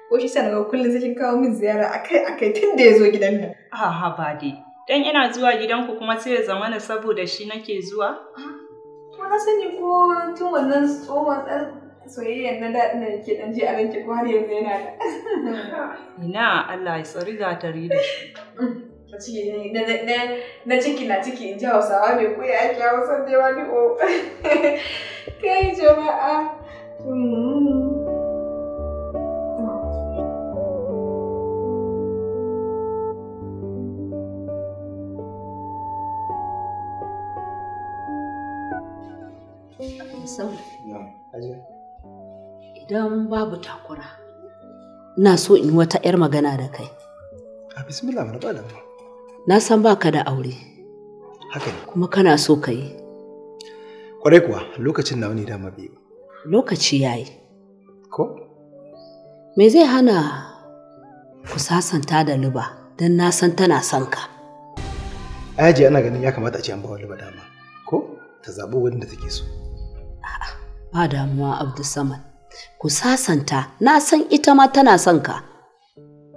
[SPEAKER 8] Ko shi sanarwa kullum sai kin kawo min ziyara akai akai tun da ya zo
[SPEAKER 11] gidan nan. Aha ah, ba dai. Dan ina zuwa gidanku kuma sai ya zamana saboda shi nake zuwa. Ko ah, na sani ko tun
[SPEAKER 8] wannan tsohon ɗan soyayyar na daɗin da ke ɗan je a ranki ko har yanzu yana da.
[SPEAKER 11] Ina Allah ya tsari tare da shi.
[SPEAKER 8] Mm. Na ciki na ciki in ji Hausawa mai koya ake Hausa da wani o.
[SPEAKER 2] Kai jama'a. Idan
[SPEAKER 9] babu takura, ina so in yi wata 'yar magana da kai. A bismillah mana ba Na san ba ka da aure. Haka ne. Kuma kana so ka yi. Kwarai kuwa lokacin na ne dama bai lokaci ya yi. Ko? Me zai hana ku sasanta da Luba don na san tana son ka?
[SPEAKER 3] Ayaji ana ganin ya kamata a ce an bawa Luba dama, ko? Ta zaɓi wurin da take so.
[SPEAKER 9] A'a, ba damuwa Abdulsamad. Ku sasanta, na san ita ma tana son ka.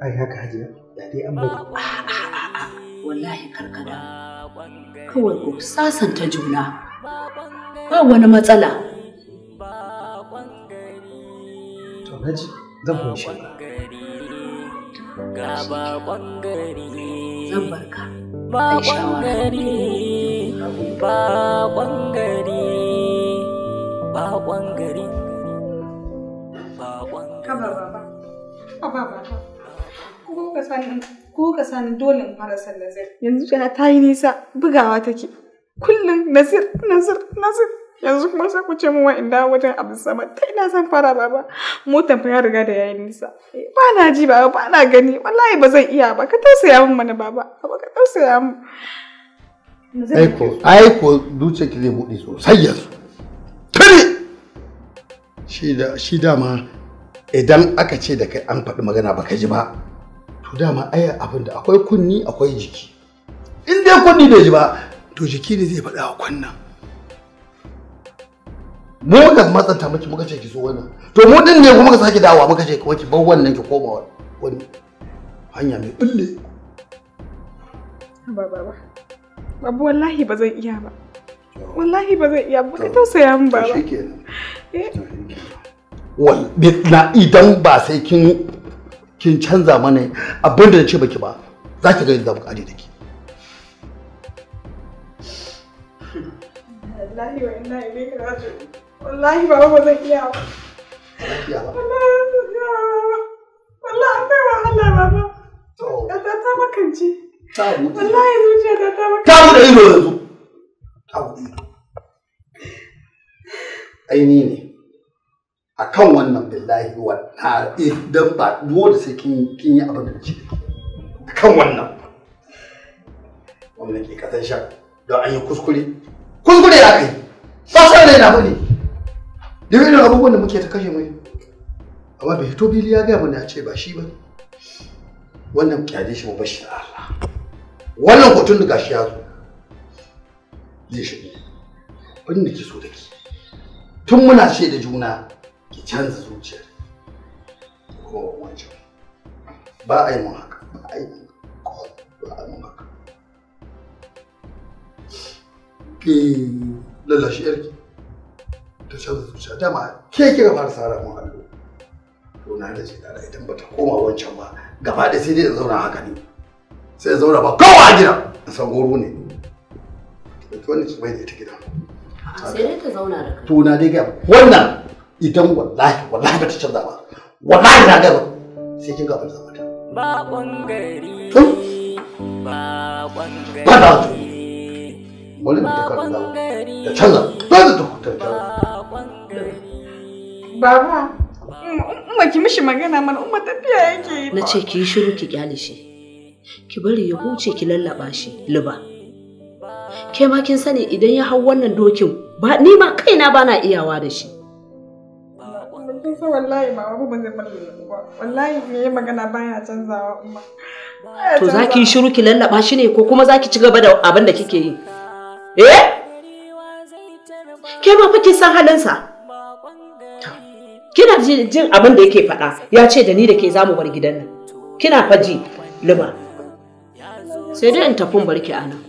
[SPEAKER 9] Ai haka hajiya, da dai an bawa. A'a, wallahi karkada. Kawai ku sasanta juna. Ba wani matsala.
[SPEAKER 6] baji zan kunshi.
[SPEAKER 1] Ga ba ɓangare. Zan barka. Ba ɓangare. Ba ɓangare. Ba
[SPEAKER 8] ɓangare. Ba ɓangare. Ko ka sani dole in fara sallar ta yi nisa bugawa take. Kullum Nasir, Nasir, Nasir. yanzu kuma sai ku ce min in dawo wajen sama ta ina san fara baba motan fa ya riga da yayin nisa eh, ba na ji baba ba na gani wallahi ba zan iya ba ka tausaya min mana baba ba ka tausaya min
[SPEAKER 2] aiko
[SPEAKER 7] aiko duce ki zai bude sosai yanzu kare shi da shi dama idan aka ce da kai an faɗi magana baka ji ba to dama ai abin da akwai kunni akwai jiki in dai kunni bai ji ba to jiki ne zai faɗa a kunnan mu muka matsanta miki muka ce ki zo wannan to mu din ne kuma ka sake dawowa muka ce kawai ki bar wannan ki koma wani hanya mai bulle
[SPEAKER 8] ba ba babu wallahi ba zan iya ba wallahi ba zan iya ba ka tausaya min ba
[SPEAKER 2] eh.
[SPEAKER 7] ba na idan ba sai kin kin canza mana abin da na ce baki ba za ki ga yadda muka aje take
[SPEAKER 8] wallahi wa inna ilaihi raji'un wallahi baba ba
[SPEAKER 2] zan iya ba wallahi akwai wahala baba ta ta makance wallahi zuciya ta ta
[SPEAKER 11] makance ta buɗe ido yanzu ta buɗe ido
[SPEAKER 7] aini ne a kan wannan billahi wannan idan ba da sai kin yi abin da ce a kan wannan wannan ke kasan sha don an yi kuskure kuskure ya kai ba ne na yana duk irin abubuwan da muke ta kashe mai amma bai fito bili ya gaya mana ya ce ba shi ba wannan kyale shi mu bar shi Allah wannan hoton da gashi ya zo zai shige abin da ke so da ke tun muna ce da juna ki canza zuciya
[SPEAKER 2] ko wancan
[SPEAKER 7] ba a yi mun haka ba a yi ba a yi mun haka ki lalashi yarki ta canza zuciya dama ke kika fara sara mun hannu to na da shekara idan bata koma wancan ba gaba da sai dai in zauna haka ne sai in zauna ba kowa a gida a san goro ne to wannan su mai da ita gida
[SPEAKER 9] sai dai ta zauna da
[SPEAKER 7] to na dai ga wannan idan wallahi wallahi bata canza ba wallahi na ga sai kin ga ba zama ta ba bangare ba bangare ba da wani mutum kan da canza ba da ta hutar
[SPEAKER 8] Baba, umma um, ki mishi magana mana umma tafiya yake
[SPEAKER 9] yi. Na ce ki yi shiru ki kyale shi. Ki bari ya huce ki lallaba shi liba. Ke ma kin sani idan ya hau wannan dokin ba ni ma kaina ba na iyawa da shi.
[SPEAKER 8] wallahi ba abu ban zai ba. Wallahi me magana baya canzawa umma. To za ki yi
[SPEAKER 9] shiru ki lallaba shi ne ko kuma za ki ci gaba da abin da kike yi? Eh? Ke ma fa kin san halinsa? kina jin abin da yake faɗa ya ce da ni da ke zamu bar gidan nan kina faji luma sai dai in tafin barki a nan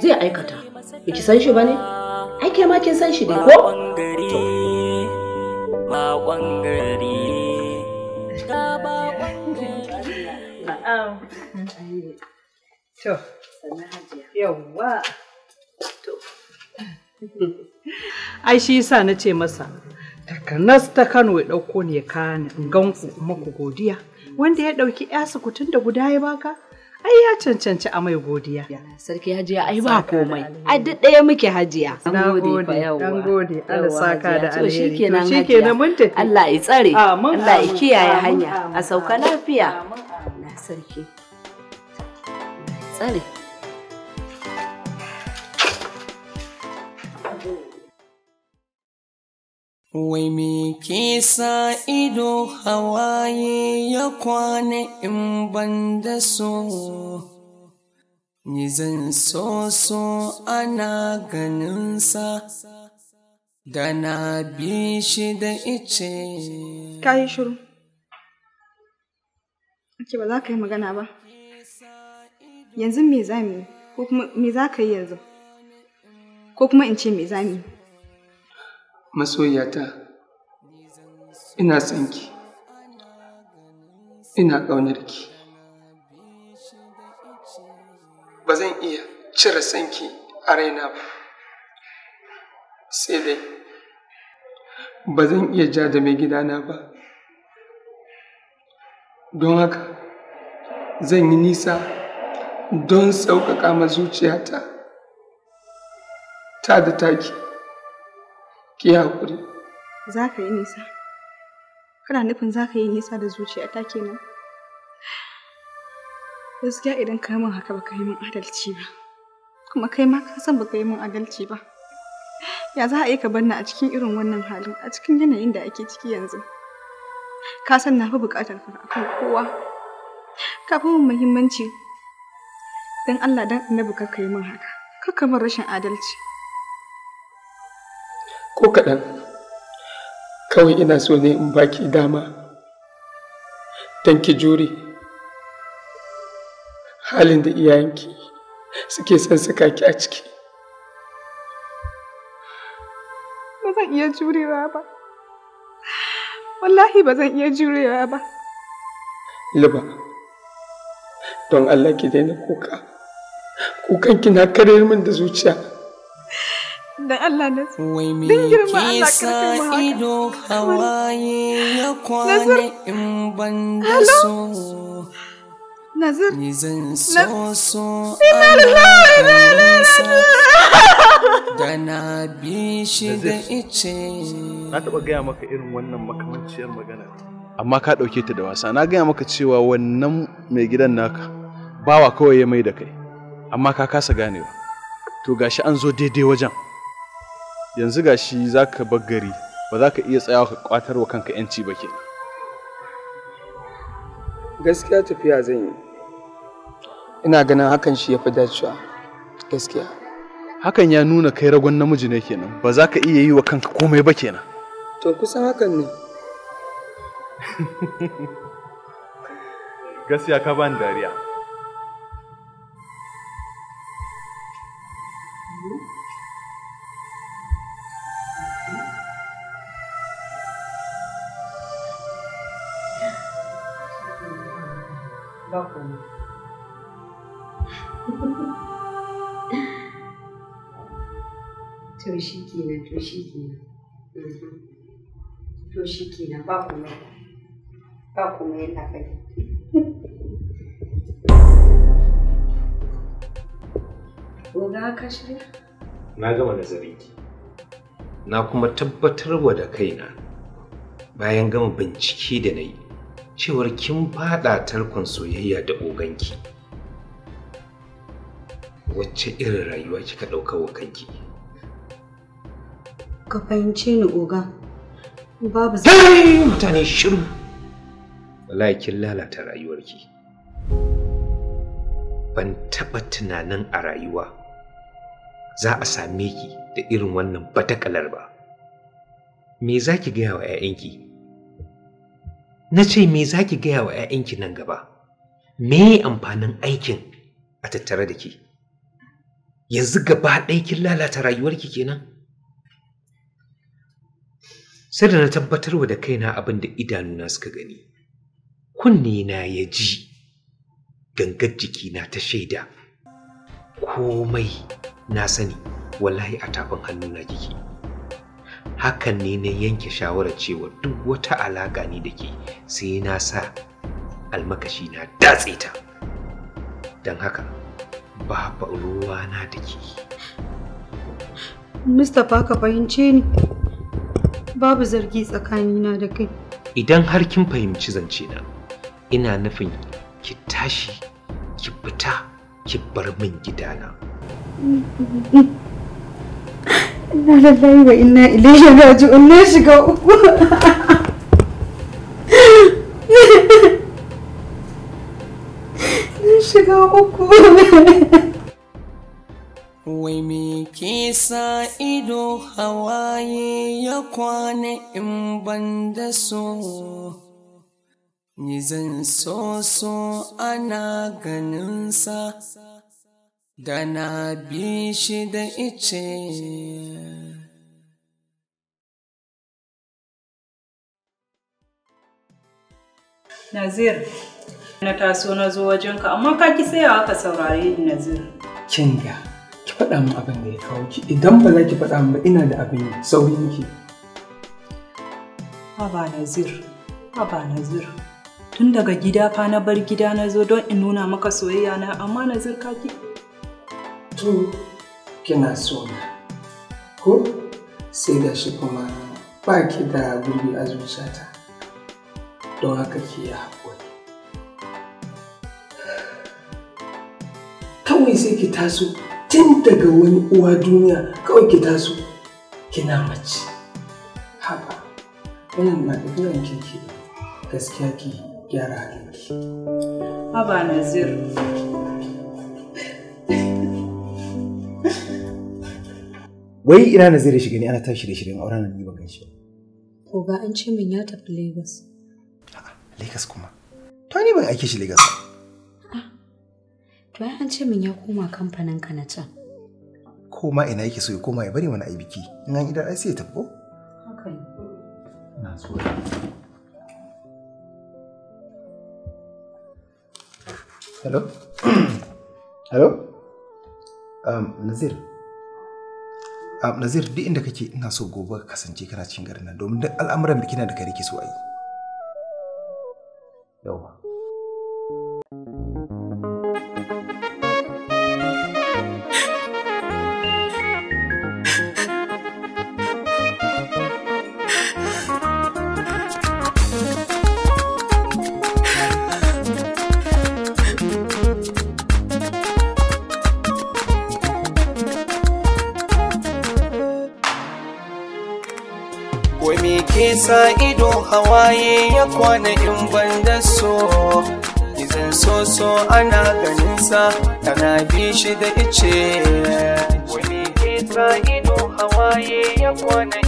[SPEAKER 9] zai aikata biki san shi ba ne ake ma kin san shi dai ko
[SPEAKER 11] To, yawwa. To. ai shi yasa na ce masa takanas ta Kano ya ɗauko ne ya kani gan maku godiya wanda ya ɗauki yasa kutun da guda ya baka
[SPEAKER 9] ai ya cancanci a mai godiya sarki hajiya ai ba komai ai duk ɗaya muke hajiya Na gode an gode Allah saka da alheri to shikenan mun tafi Allah ya tsare ah, Allah ya kiyaye ah, hanya a sauka ah, lafiya na sarki
[SPEAKER 5] tsare Wai me ke
[SPEAKER 12] sa ido hawaye ya kwana in ban da so, ni zan so so ana ganinsa, da na bi shi da ice.
[SPEAKER 8] Ka yi shiru, ake ba za ka yi magana ba, yanzu me za mu yi, ko kuma me za ka yi yanzu, ko kuma in ce me za mu yi.
[SPEAKER 5] masoyata ina son ki ina ƙaunar ki ba zan iya cire tsanki a raina ba sai dai ba zan iya ja da mai gidana ba don haka zan yi nisa don sauƙaƙa ma zuciyata ta da taki ki yi haƙuri
[SPEAKER 8] za ka yi nisa kana nufin za ka yi nisa da zuciya ta kenan gaskiya idan ka min haka baka yi min adalci ba kuma kai ma ka san baka yi min adalci ba ya za a yi ka banna a cikin irin wannan halin a cikin yanayin da ake ciki yanzu ka san na fi buƙatar ka kan kowa ka fi min muhimmanci dan Allah dan annabi ka yi min haka ka kamar rashin adalci
[SPEAKER 5] ko kaɗan kawai ina so ne in baki dama don ki jure halin da iyayenki suke son saka ki a ciki
[SPEAKER 8] ba zan iya jurewa ba wallahi ba zan iya jurewa ba
[SPEAKER 5] liba don allah ki daina kuka kukan kina karyar min da zuciya da Allah na wai me ke sa ido hawaye
[SPEAKER 12] ya kwane in ban da so Nazir ni
[SPEAKER 5] zan so so da na bi shi da ice na taba gaya maka irin wannan makamanciyar
[SPEAKER 8] magana
[SPEAKER 3] amma ka ɗauke ta da wasa na gaya maka cewa wannan mai gidan naka bawa kawai ya mai da kai amma ka kasa ganewa to gashi an zo daidai wajen
[SPEAKER 5] yanzu ga shi za ka bar gari ba za ka iya tsayawa ka kwatar wa kanka yanci ba ke gaskiya tafiya zan yi ina ganin hakan shi ya fi dacewa gaskiya hakan ya nuna kai ragon namiji ne kenan ba za ka iya yi wa kanka komai ba kenan to kusan hakan ne gaskiya ka ban dariya
[SPEAKER 4] ba to shi kenan to shi kenan to shi kenan ba kuma ba komai yana kai Oga ka shirya?
[SPEAKER 10] Na gama nazarin ki. Na kuma tabbatarwa da kaina bayan gama bincike da na yi. cewar kin fada tarkon soyayya da oganki wacce irin rayuwa kika ɗauka wa kanki
[SPEAKER 4] ka fahimce ni oga babu zai
[SPEAKER 10] mutane shiru wallahi kin lalata rayuwarki ban taɓa tunanin a rayuwa za a same ki da irin wannan batakalar ba me za ki gaya wa 'ya'yanki na ce me za ki gaya wa 'ya'yanki nan gaba me amfanin aikin a tattare da ke yanzu gaba ɗaya kin lalata rayuwarki kenan sai da na tabbatarwa da kaina abin da idanuna suka gani kunne na ya ji gangar jikina ta shaida komai na sani wallahi a tafin hannuna kike hakan ne na yanke shawarar cewa duk wata alaƙa ne da ke sai na sa almakashi na datse ta don haka babu ruwa na da ke
[SPEAKER 4] mustapha ka fahimce ni babu zargi tsakanina da kai
[SPEAKER 10] idan har kin fahimci zance na ina nufin ki tashi ki fita ki bar min gidana
[SPEAKER 2] mm, mm, mm.
[SPEAKER 8] inna lillahi wa inna ilaihi raji'un na shiga uku
[SPEAKER 12] na shiga uku wai me ke sa ido hawaye ya kwana in ban da so ni zan so so ana ganin sa da na bi shi da ice
[SPEAKER 11] Nazir na taso na zo wajenka amma ka ki tsayawa ka saurare ni Nazir
[SPEAKER 5] Kinga ki faɗa min abin da ya kawo ki idan ba za ki faɗa min ba ina da abin saurin ki
[SPEAKER 11] Haba Nazir Haba Nazir tun daga gida fa na bar gida na zo don in nuna maka soyayya na amma Nazir ka ki jin
[SPEAKER 5] kina so ko sai da shi kuma ba ki da gurbi a zuciyata don haka ki yi haƙuri kawai sai ki taso tun daga wani uwa duniya kawai ki taso kina mace haba wannan ba ɗabi'an kirki gaskiya ki gyara halinki
[SPEAKER 11] haba nazir
[SPEAKER 3] wai ina na zai shiga ne ana tashi da shirin auren nan ni ban ganshi
[SPEAKER 4] ko ga an ce min ya tafi Lagos Lagos kuma to ni ban aike shi Lagos to ai an ce min ya koma kamfanin ka na can
[SPEAKER 3] ko ma ina yake so ya koma ya bari mana ai biki in an idan ai sai ya tabbo haka ne na so Hello? Hello? Um, Nazir? Nazir duk inda kake ina so gobe ka kasance kana cikin garin nan domin duk al'amuran bikina da kai ke so a yi.
[SPEAKER 12] ido hawaye ya kwana in banda so izan so so ana ganin sa tana bi shi da ice wani ke ido hawaye ya kwana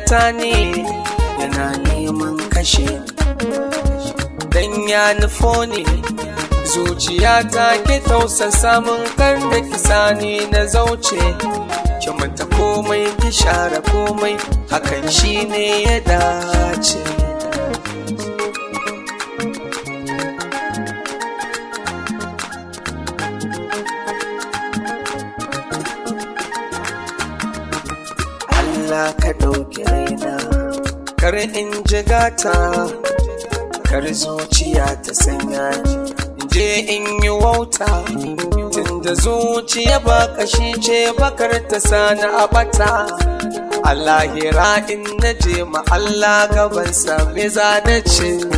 [SPEAKER 12] tani yana neman kashe dan ya nufo ne zuciya ta ke tausa samun kar da kisa ne na zauce ki komai ki share komai hakan shine ya dace kar in ji gata kar zuciya ta sanya in je in yi wauta tunda zuciya ba kashi ce bakar ta sani a bata a lahira in na je ma Allah gaban sa me za ce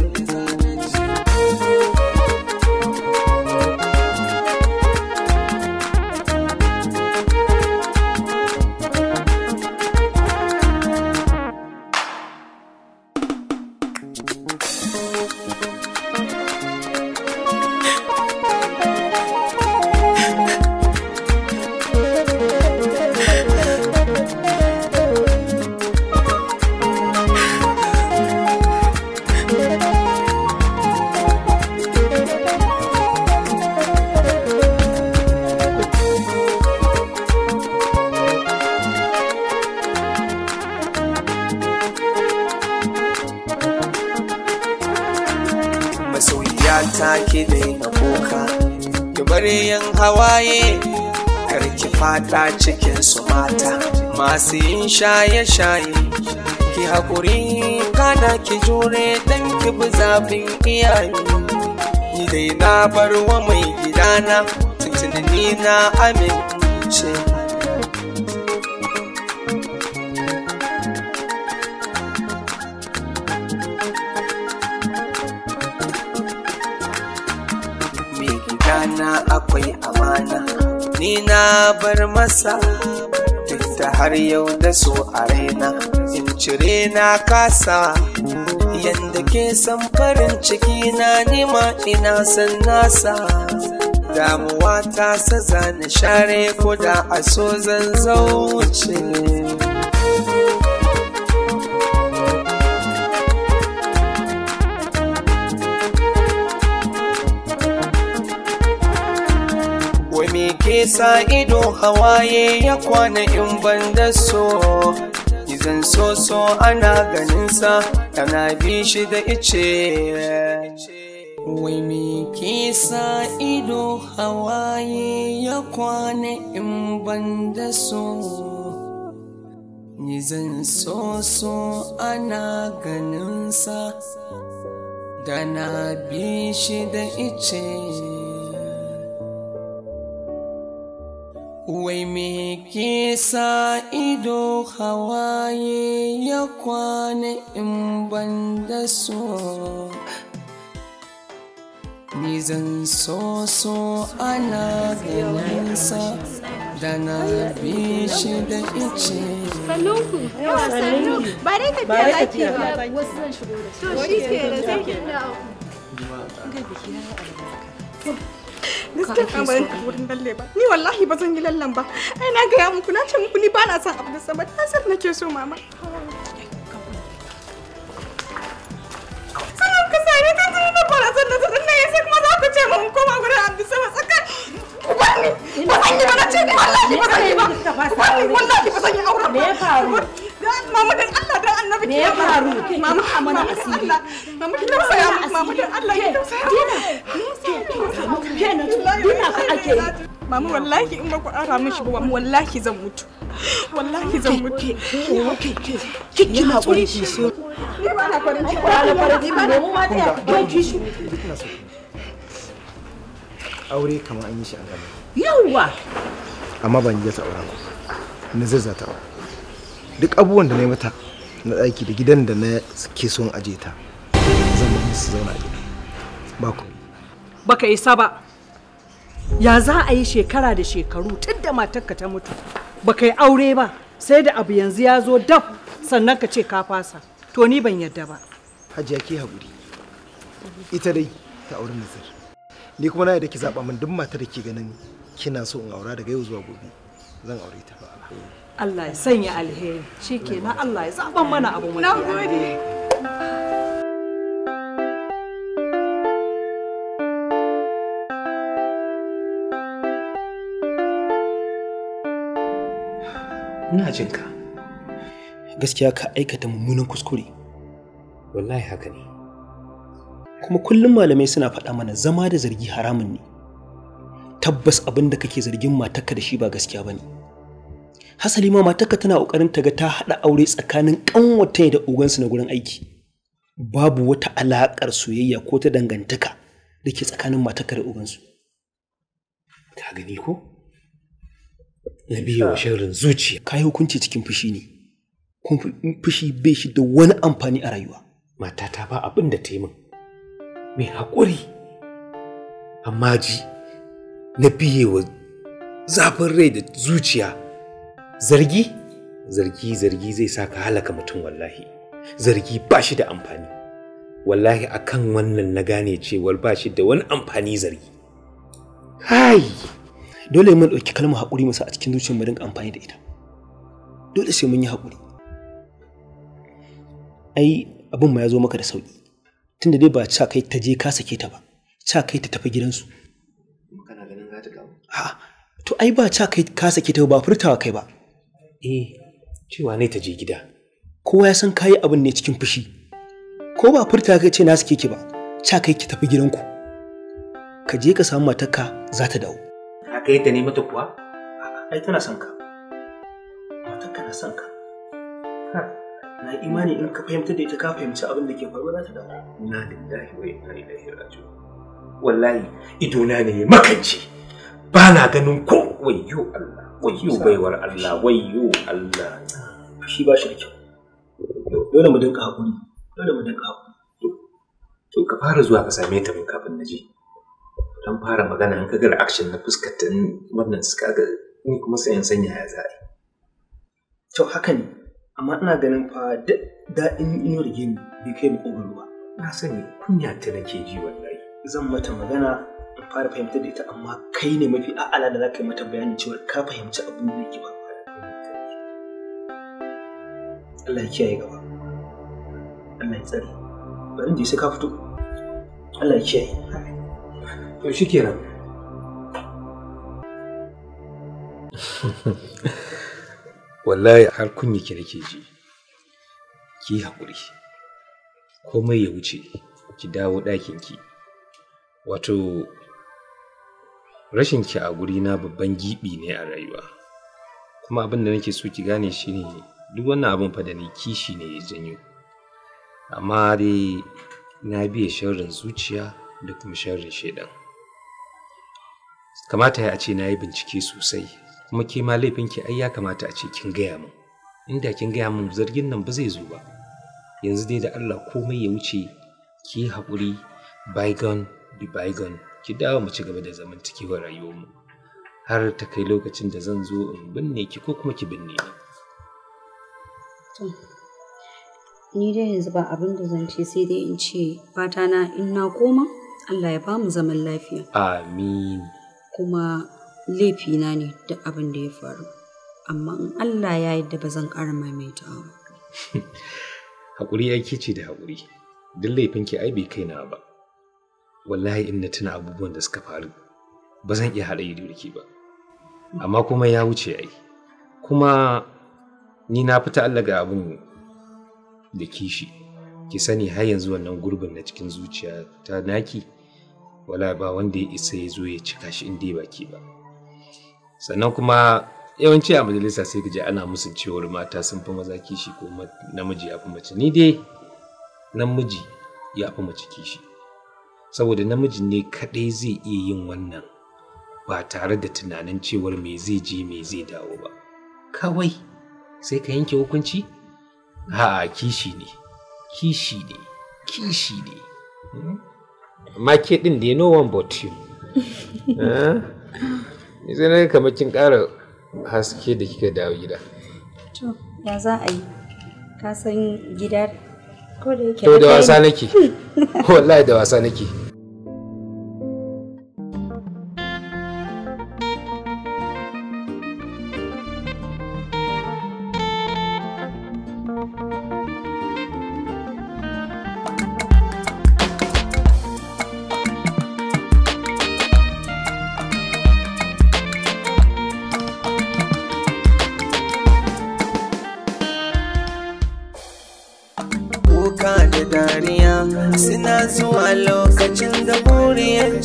[SPEAKER 12] na bar wa mai gidana tuntuni na amince mai gidana akwai amana ni na bar masa duk da har yau da so a raina in cire na kasa ke san farin ciki na nima ina san nasa damuwa ta saza na share ko da a so zan zauce me ke sa ido hawaye ya kwana in ban da so izan so so ana ganin sa. tana bi shi da ice wai me ke sa ido hawaye ya kwana in ban da so ni zan so so ana ganinsa da na bi shi da ice Wai me ke sa ido hawaye ya kwana in ban da so. so ana ganinsa da na bi da
[SPEAKER 8] ice. gaskiya kan ba wurin lalle ba ni wallahi ba zan yi lallan ba ai na gaya muku na ce muku ni ba na son abdul samad nasir nake so mama
[SPEAKER 12] sanar ka sani ta tuni na fara san da tsadin na yasa kuma za ku
[SPEAKER 8] ce mun koma gurin da samad tsakan ku ba ni ba zan yi ba na ce ni wallahi ba zan yi ba ku ba ni wallahi ba zan yi auren ba me ya faru dan mama dan Allah dan annabi ki ya faru mama a mana asiri mama ki tausaya mama dan Allah ki tausaya dina dina dina ka ake mama wallahi in ba ku ara mishi ba wallahi zan mutu wallahi zan mutu ki ki ki so ni ba na ba na mu ma ta ki shi
[SPEAKER 3] aure kamar ban yi ni zai zata duk abubuwan da na yi mata na ɗaki da gidan da na ke son aje ta zan ba su zauna a gida ba ku
[SPEAKER 9] baka isa ba ya za a yi shekara da shekaru tun da matarka ta mutu
[SPEAKER 11] baka yi aure ba sai da abu yanzu ya zo daf sannan ka ce ka fasa to ni ban yadda ba
[SPEAKER 3] hajiya ke haƙuri ita dai ta auri nazar ni kuma na yadda ki zaɓa min duk matar da ke ganin kina so in aura daga yau zuwa gobe zan aure ta
[SPEAKER 9] Allah ya sanya alheri shikenan Allah ya zaban mana abun wani.
[SPEAKER 6] ina jin ka gaskiya ka aikata mummunan kuskure wallahi haka ne kuma kullum malamai suna faɗa mana zama da zargi haramun ne tabbas abin da kake zargin matarka da shi ba gaskiya bane. hasali ma matarka tana kokarin ta ga ta haɗa aure tsakanin kanwata da ogansu na gurin aiki babu wata alaƙar soyayya ko ta dangantaka da ke tsakanin matarka da ugansu ta gani ko na biyu wa shirin zuciya kai hukunci cikin fushi ne Kuma fushi bai shi da wani amfani
[SPEAKER 10] a rayuwa Mata ta ba abin da ta yi min mai haƙuri amma ji na biye wa zafin rai da zuciya zargi zargi zargi zai sa ka halaka mutum wallahi zargi ba shi da amfani wallahi akan wannan na gane cewar ba shi da wani amfani zargi hai dole mun ɗauki kalma haƙuri
[SPEAKER 6] masa a cikin zuciyar mu dinga amfani da ita dole sai mun yi haƙuri ai abin ma ya zo maka da sauƙi tunda dai ba ca kai ta je ka sake ta ba ca kai ta tafi gidansu kana ganin za ta to ai ba ca kai ka sake ta ba furtawa kai ba eh cewa ne ta je gida kowa ya san kayi abin ne cikin fushi ko ba furta ka ce na suke ki ba ca kai ki tafi gidanku ka je ka samu matarka za ta dawo kai yadda ne mata kuwa ai tana son ka matarka na son ka na imani in ka fahimta da ita ka fahimci abin da ke faruwa za ta dawo na lillahi wa inna ilaihi raji'un
[SPEAKER 10] wallahi idona ne makanci ba na ganin ko wayyo Allah wayo baiwar Allah wayo Allah shi ba shi da kyau dole mu dinka hakuri dole mu dinka hakuri to ka fara zuwa ka same ta mun kafin na je dan fara magana in ka ga reaction na fuskar ta wannan suka ga ni kuma sai in sanya ya
[SPEAKER 6] zai to haka ne amma ina ganin fa daɗin in da gini bai kai mu ƙogoro ba na sani kunya ta nake ji wallahi zan mata magana fara fahimtar da ita amma kai ne mafi a'ala da za ka yi mata bayanin cewa ka fahimci abin da yake ba Allah ya kiyaye gaba Allah ya tsare bari da sai ka fito Allah ya kiyaye
[SPEAKER 10] to shikenan wallahi har kunyi ki nake ji ki hakuri, komai ya wuce ki dawo ɗakin ki wato rashin ki a na babban gibi ne a rayuwa kuma abin da nake so ki gane shi ne duk wannan abin fa da ni kishi ne ya janyo amma dai na biye sharrin zuciya da kuma sharrin shaidan kamata ya ce na yi bincike sosai kuma ke ma laifinki ai ya kamata a ce kin gaya min inda kin gaya min zargin nan ba zai zo ba yanzu dai da allah komai ya wuce ki haƙuri bygone be bygone ki dawo mu ci gaba da zamantakewar mu har ta kai lokacin da zan zo in binne ki ko kuma ki binne
[SPEAKER 4] ni. Ni dai yanzu ba abin da zan ce sai dai in ce fata na in na koma Allah ya bamu zaman lafiya.
[SPEAKER 10] Amin.
[SPEAKER 4] Kuma laifina ne duk abin da ya faru. Amma in Allah ya da ba zan ƙara maimaita ba.
[SPEAKER 10] Hakuri aiki ce da hakuri. Duk laifin ai bai kaina ba. wallahi in na tuna abubuwan da suka faru ba zan iya haɗa ido da ba amma kuma ya wuce ai kuma ni na fita Allah ga abin da kishi ki sani har yanzu wannan gurbin na cikin zuciya ta naki wala ba wanda ya isa ya zo ya cika shi inda ba ki ba sannan kuma yawanci a majalisa sai ka ana musu cewar mata sun fi maza kishi ko namiji ya fi mace ni dai namiji ya fi mace kishi saboda namiji ne kaɗai zai iya yin wannan ba tare da tunanin cewar me zai je me zai dawo ba kawai sai ka yanke hukunci a'a kishi ne kishi ne kishi ne hmm? amma ke ɗin da no one but you sai na kamar kin ƙara haske da kika dawo gida
[SPEAKER 4] to ya za a yi ka san gidar to da wasa nake hmm.
[SPEAKER 10] wallahi da wasa nake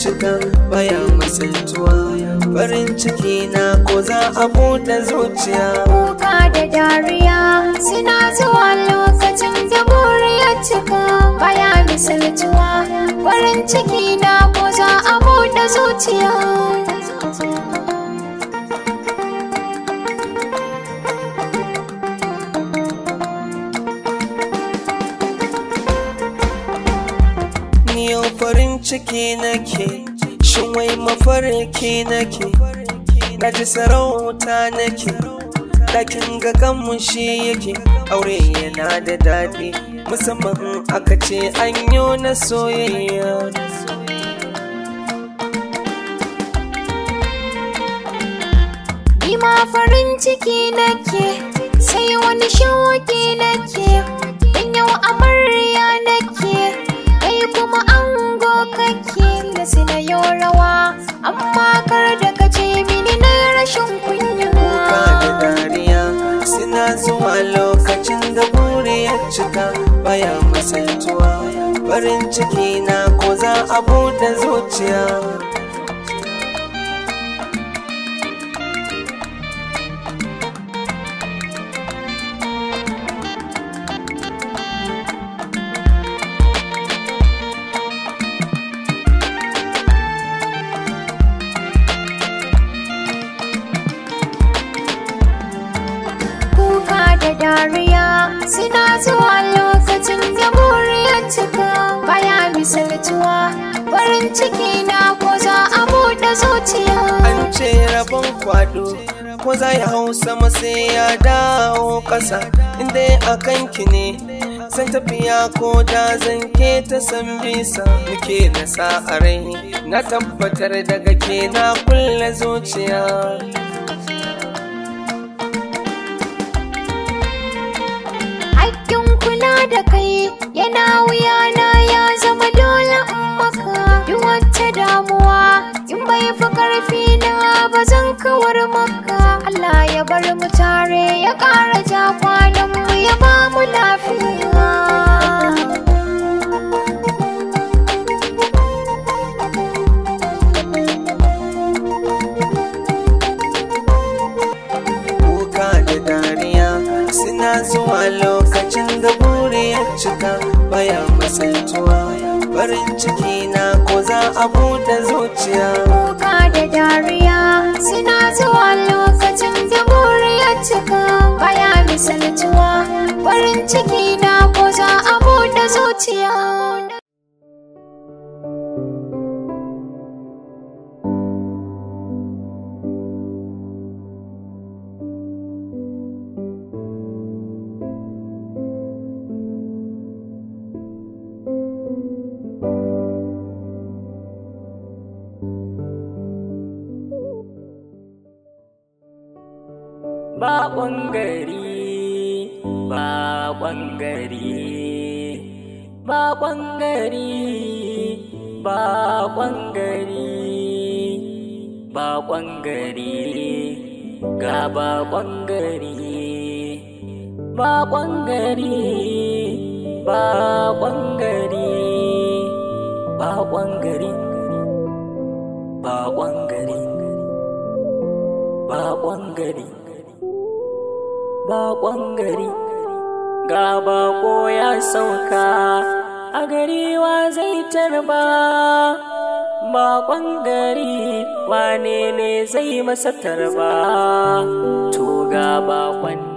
[SPEAKER 12] cika baya masantuwa farin ciki na ko za a bude zuciya kuka da dariya suna zuwa lokacin da buri ya cika baya misaltuwa farin ciki na ko za a bude
[SPEAKER 2] zuciya
[SPEAKER 12] mafarki nake shin wai mafarki nake na ji sarauta nake ɗakin ga kanmu shi yake aure yana da daɗi musamman aka ce an na soyayya ma farin ciki nake sai wani shauki nake farin ciki na ko za a buɗe zuciya faɗo ko za ya hau sama sai ya dawo ƙasa inda a kanki ne zan tafiya ko da zan ke ta san bisa muke na sa'arai na tabbatar daga ke na kulle zuciya hakkin kula da kai yana wuya na ya zama dole in maka da damuwa in bai fi karfi na ba zan kawar maka Allah ya bar mu tare ya ƙara ja mu ya ba mu lafiya zuwa lokacin da buri ya cika baya masaltuwa farin ciki na ko za a buɗe zuciya kuka da dariya suna zuwa lokacin da buri ya cika baya misaltuwa farin ciki na ko za a buɗe
[SPEAKER 2] zuciya
[SPEAKER 1] baƙon gari baƙon gari baƙon gari baƙon gari baƙon gari ga baƙon gari baƙon gari baƙon gari baƙon gari baƙon gari gari baƙon gari bakon gari ga bako ya sauka a gari wa zai tarba bakon
[SPEAKER 2] gari wane ne zai masa tarba to ga bakon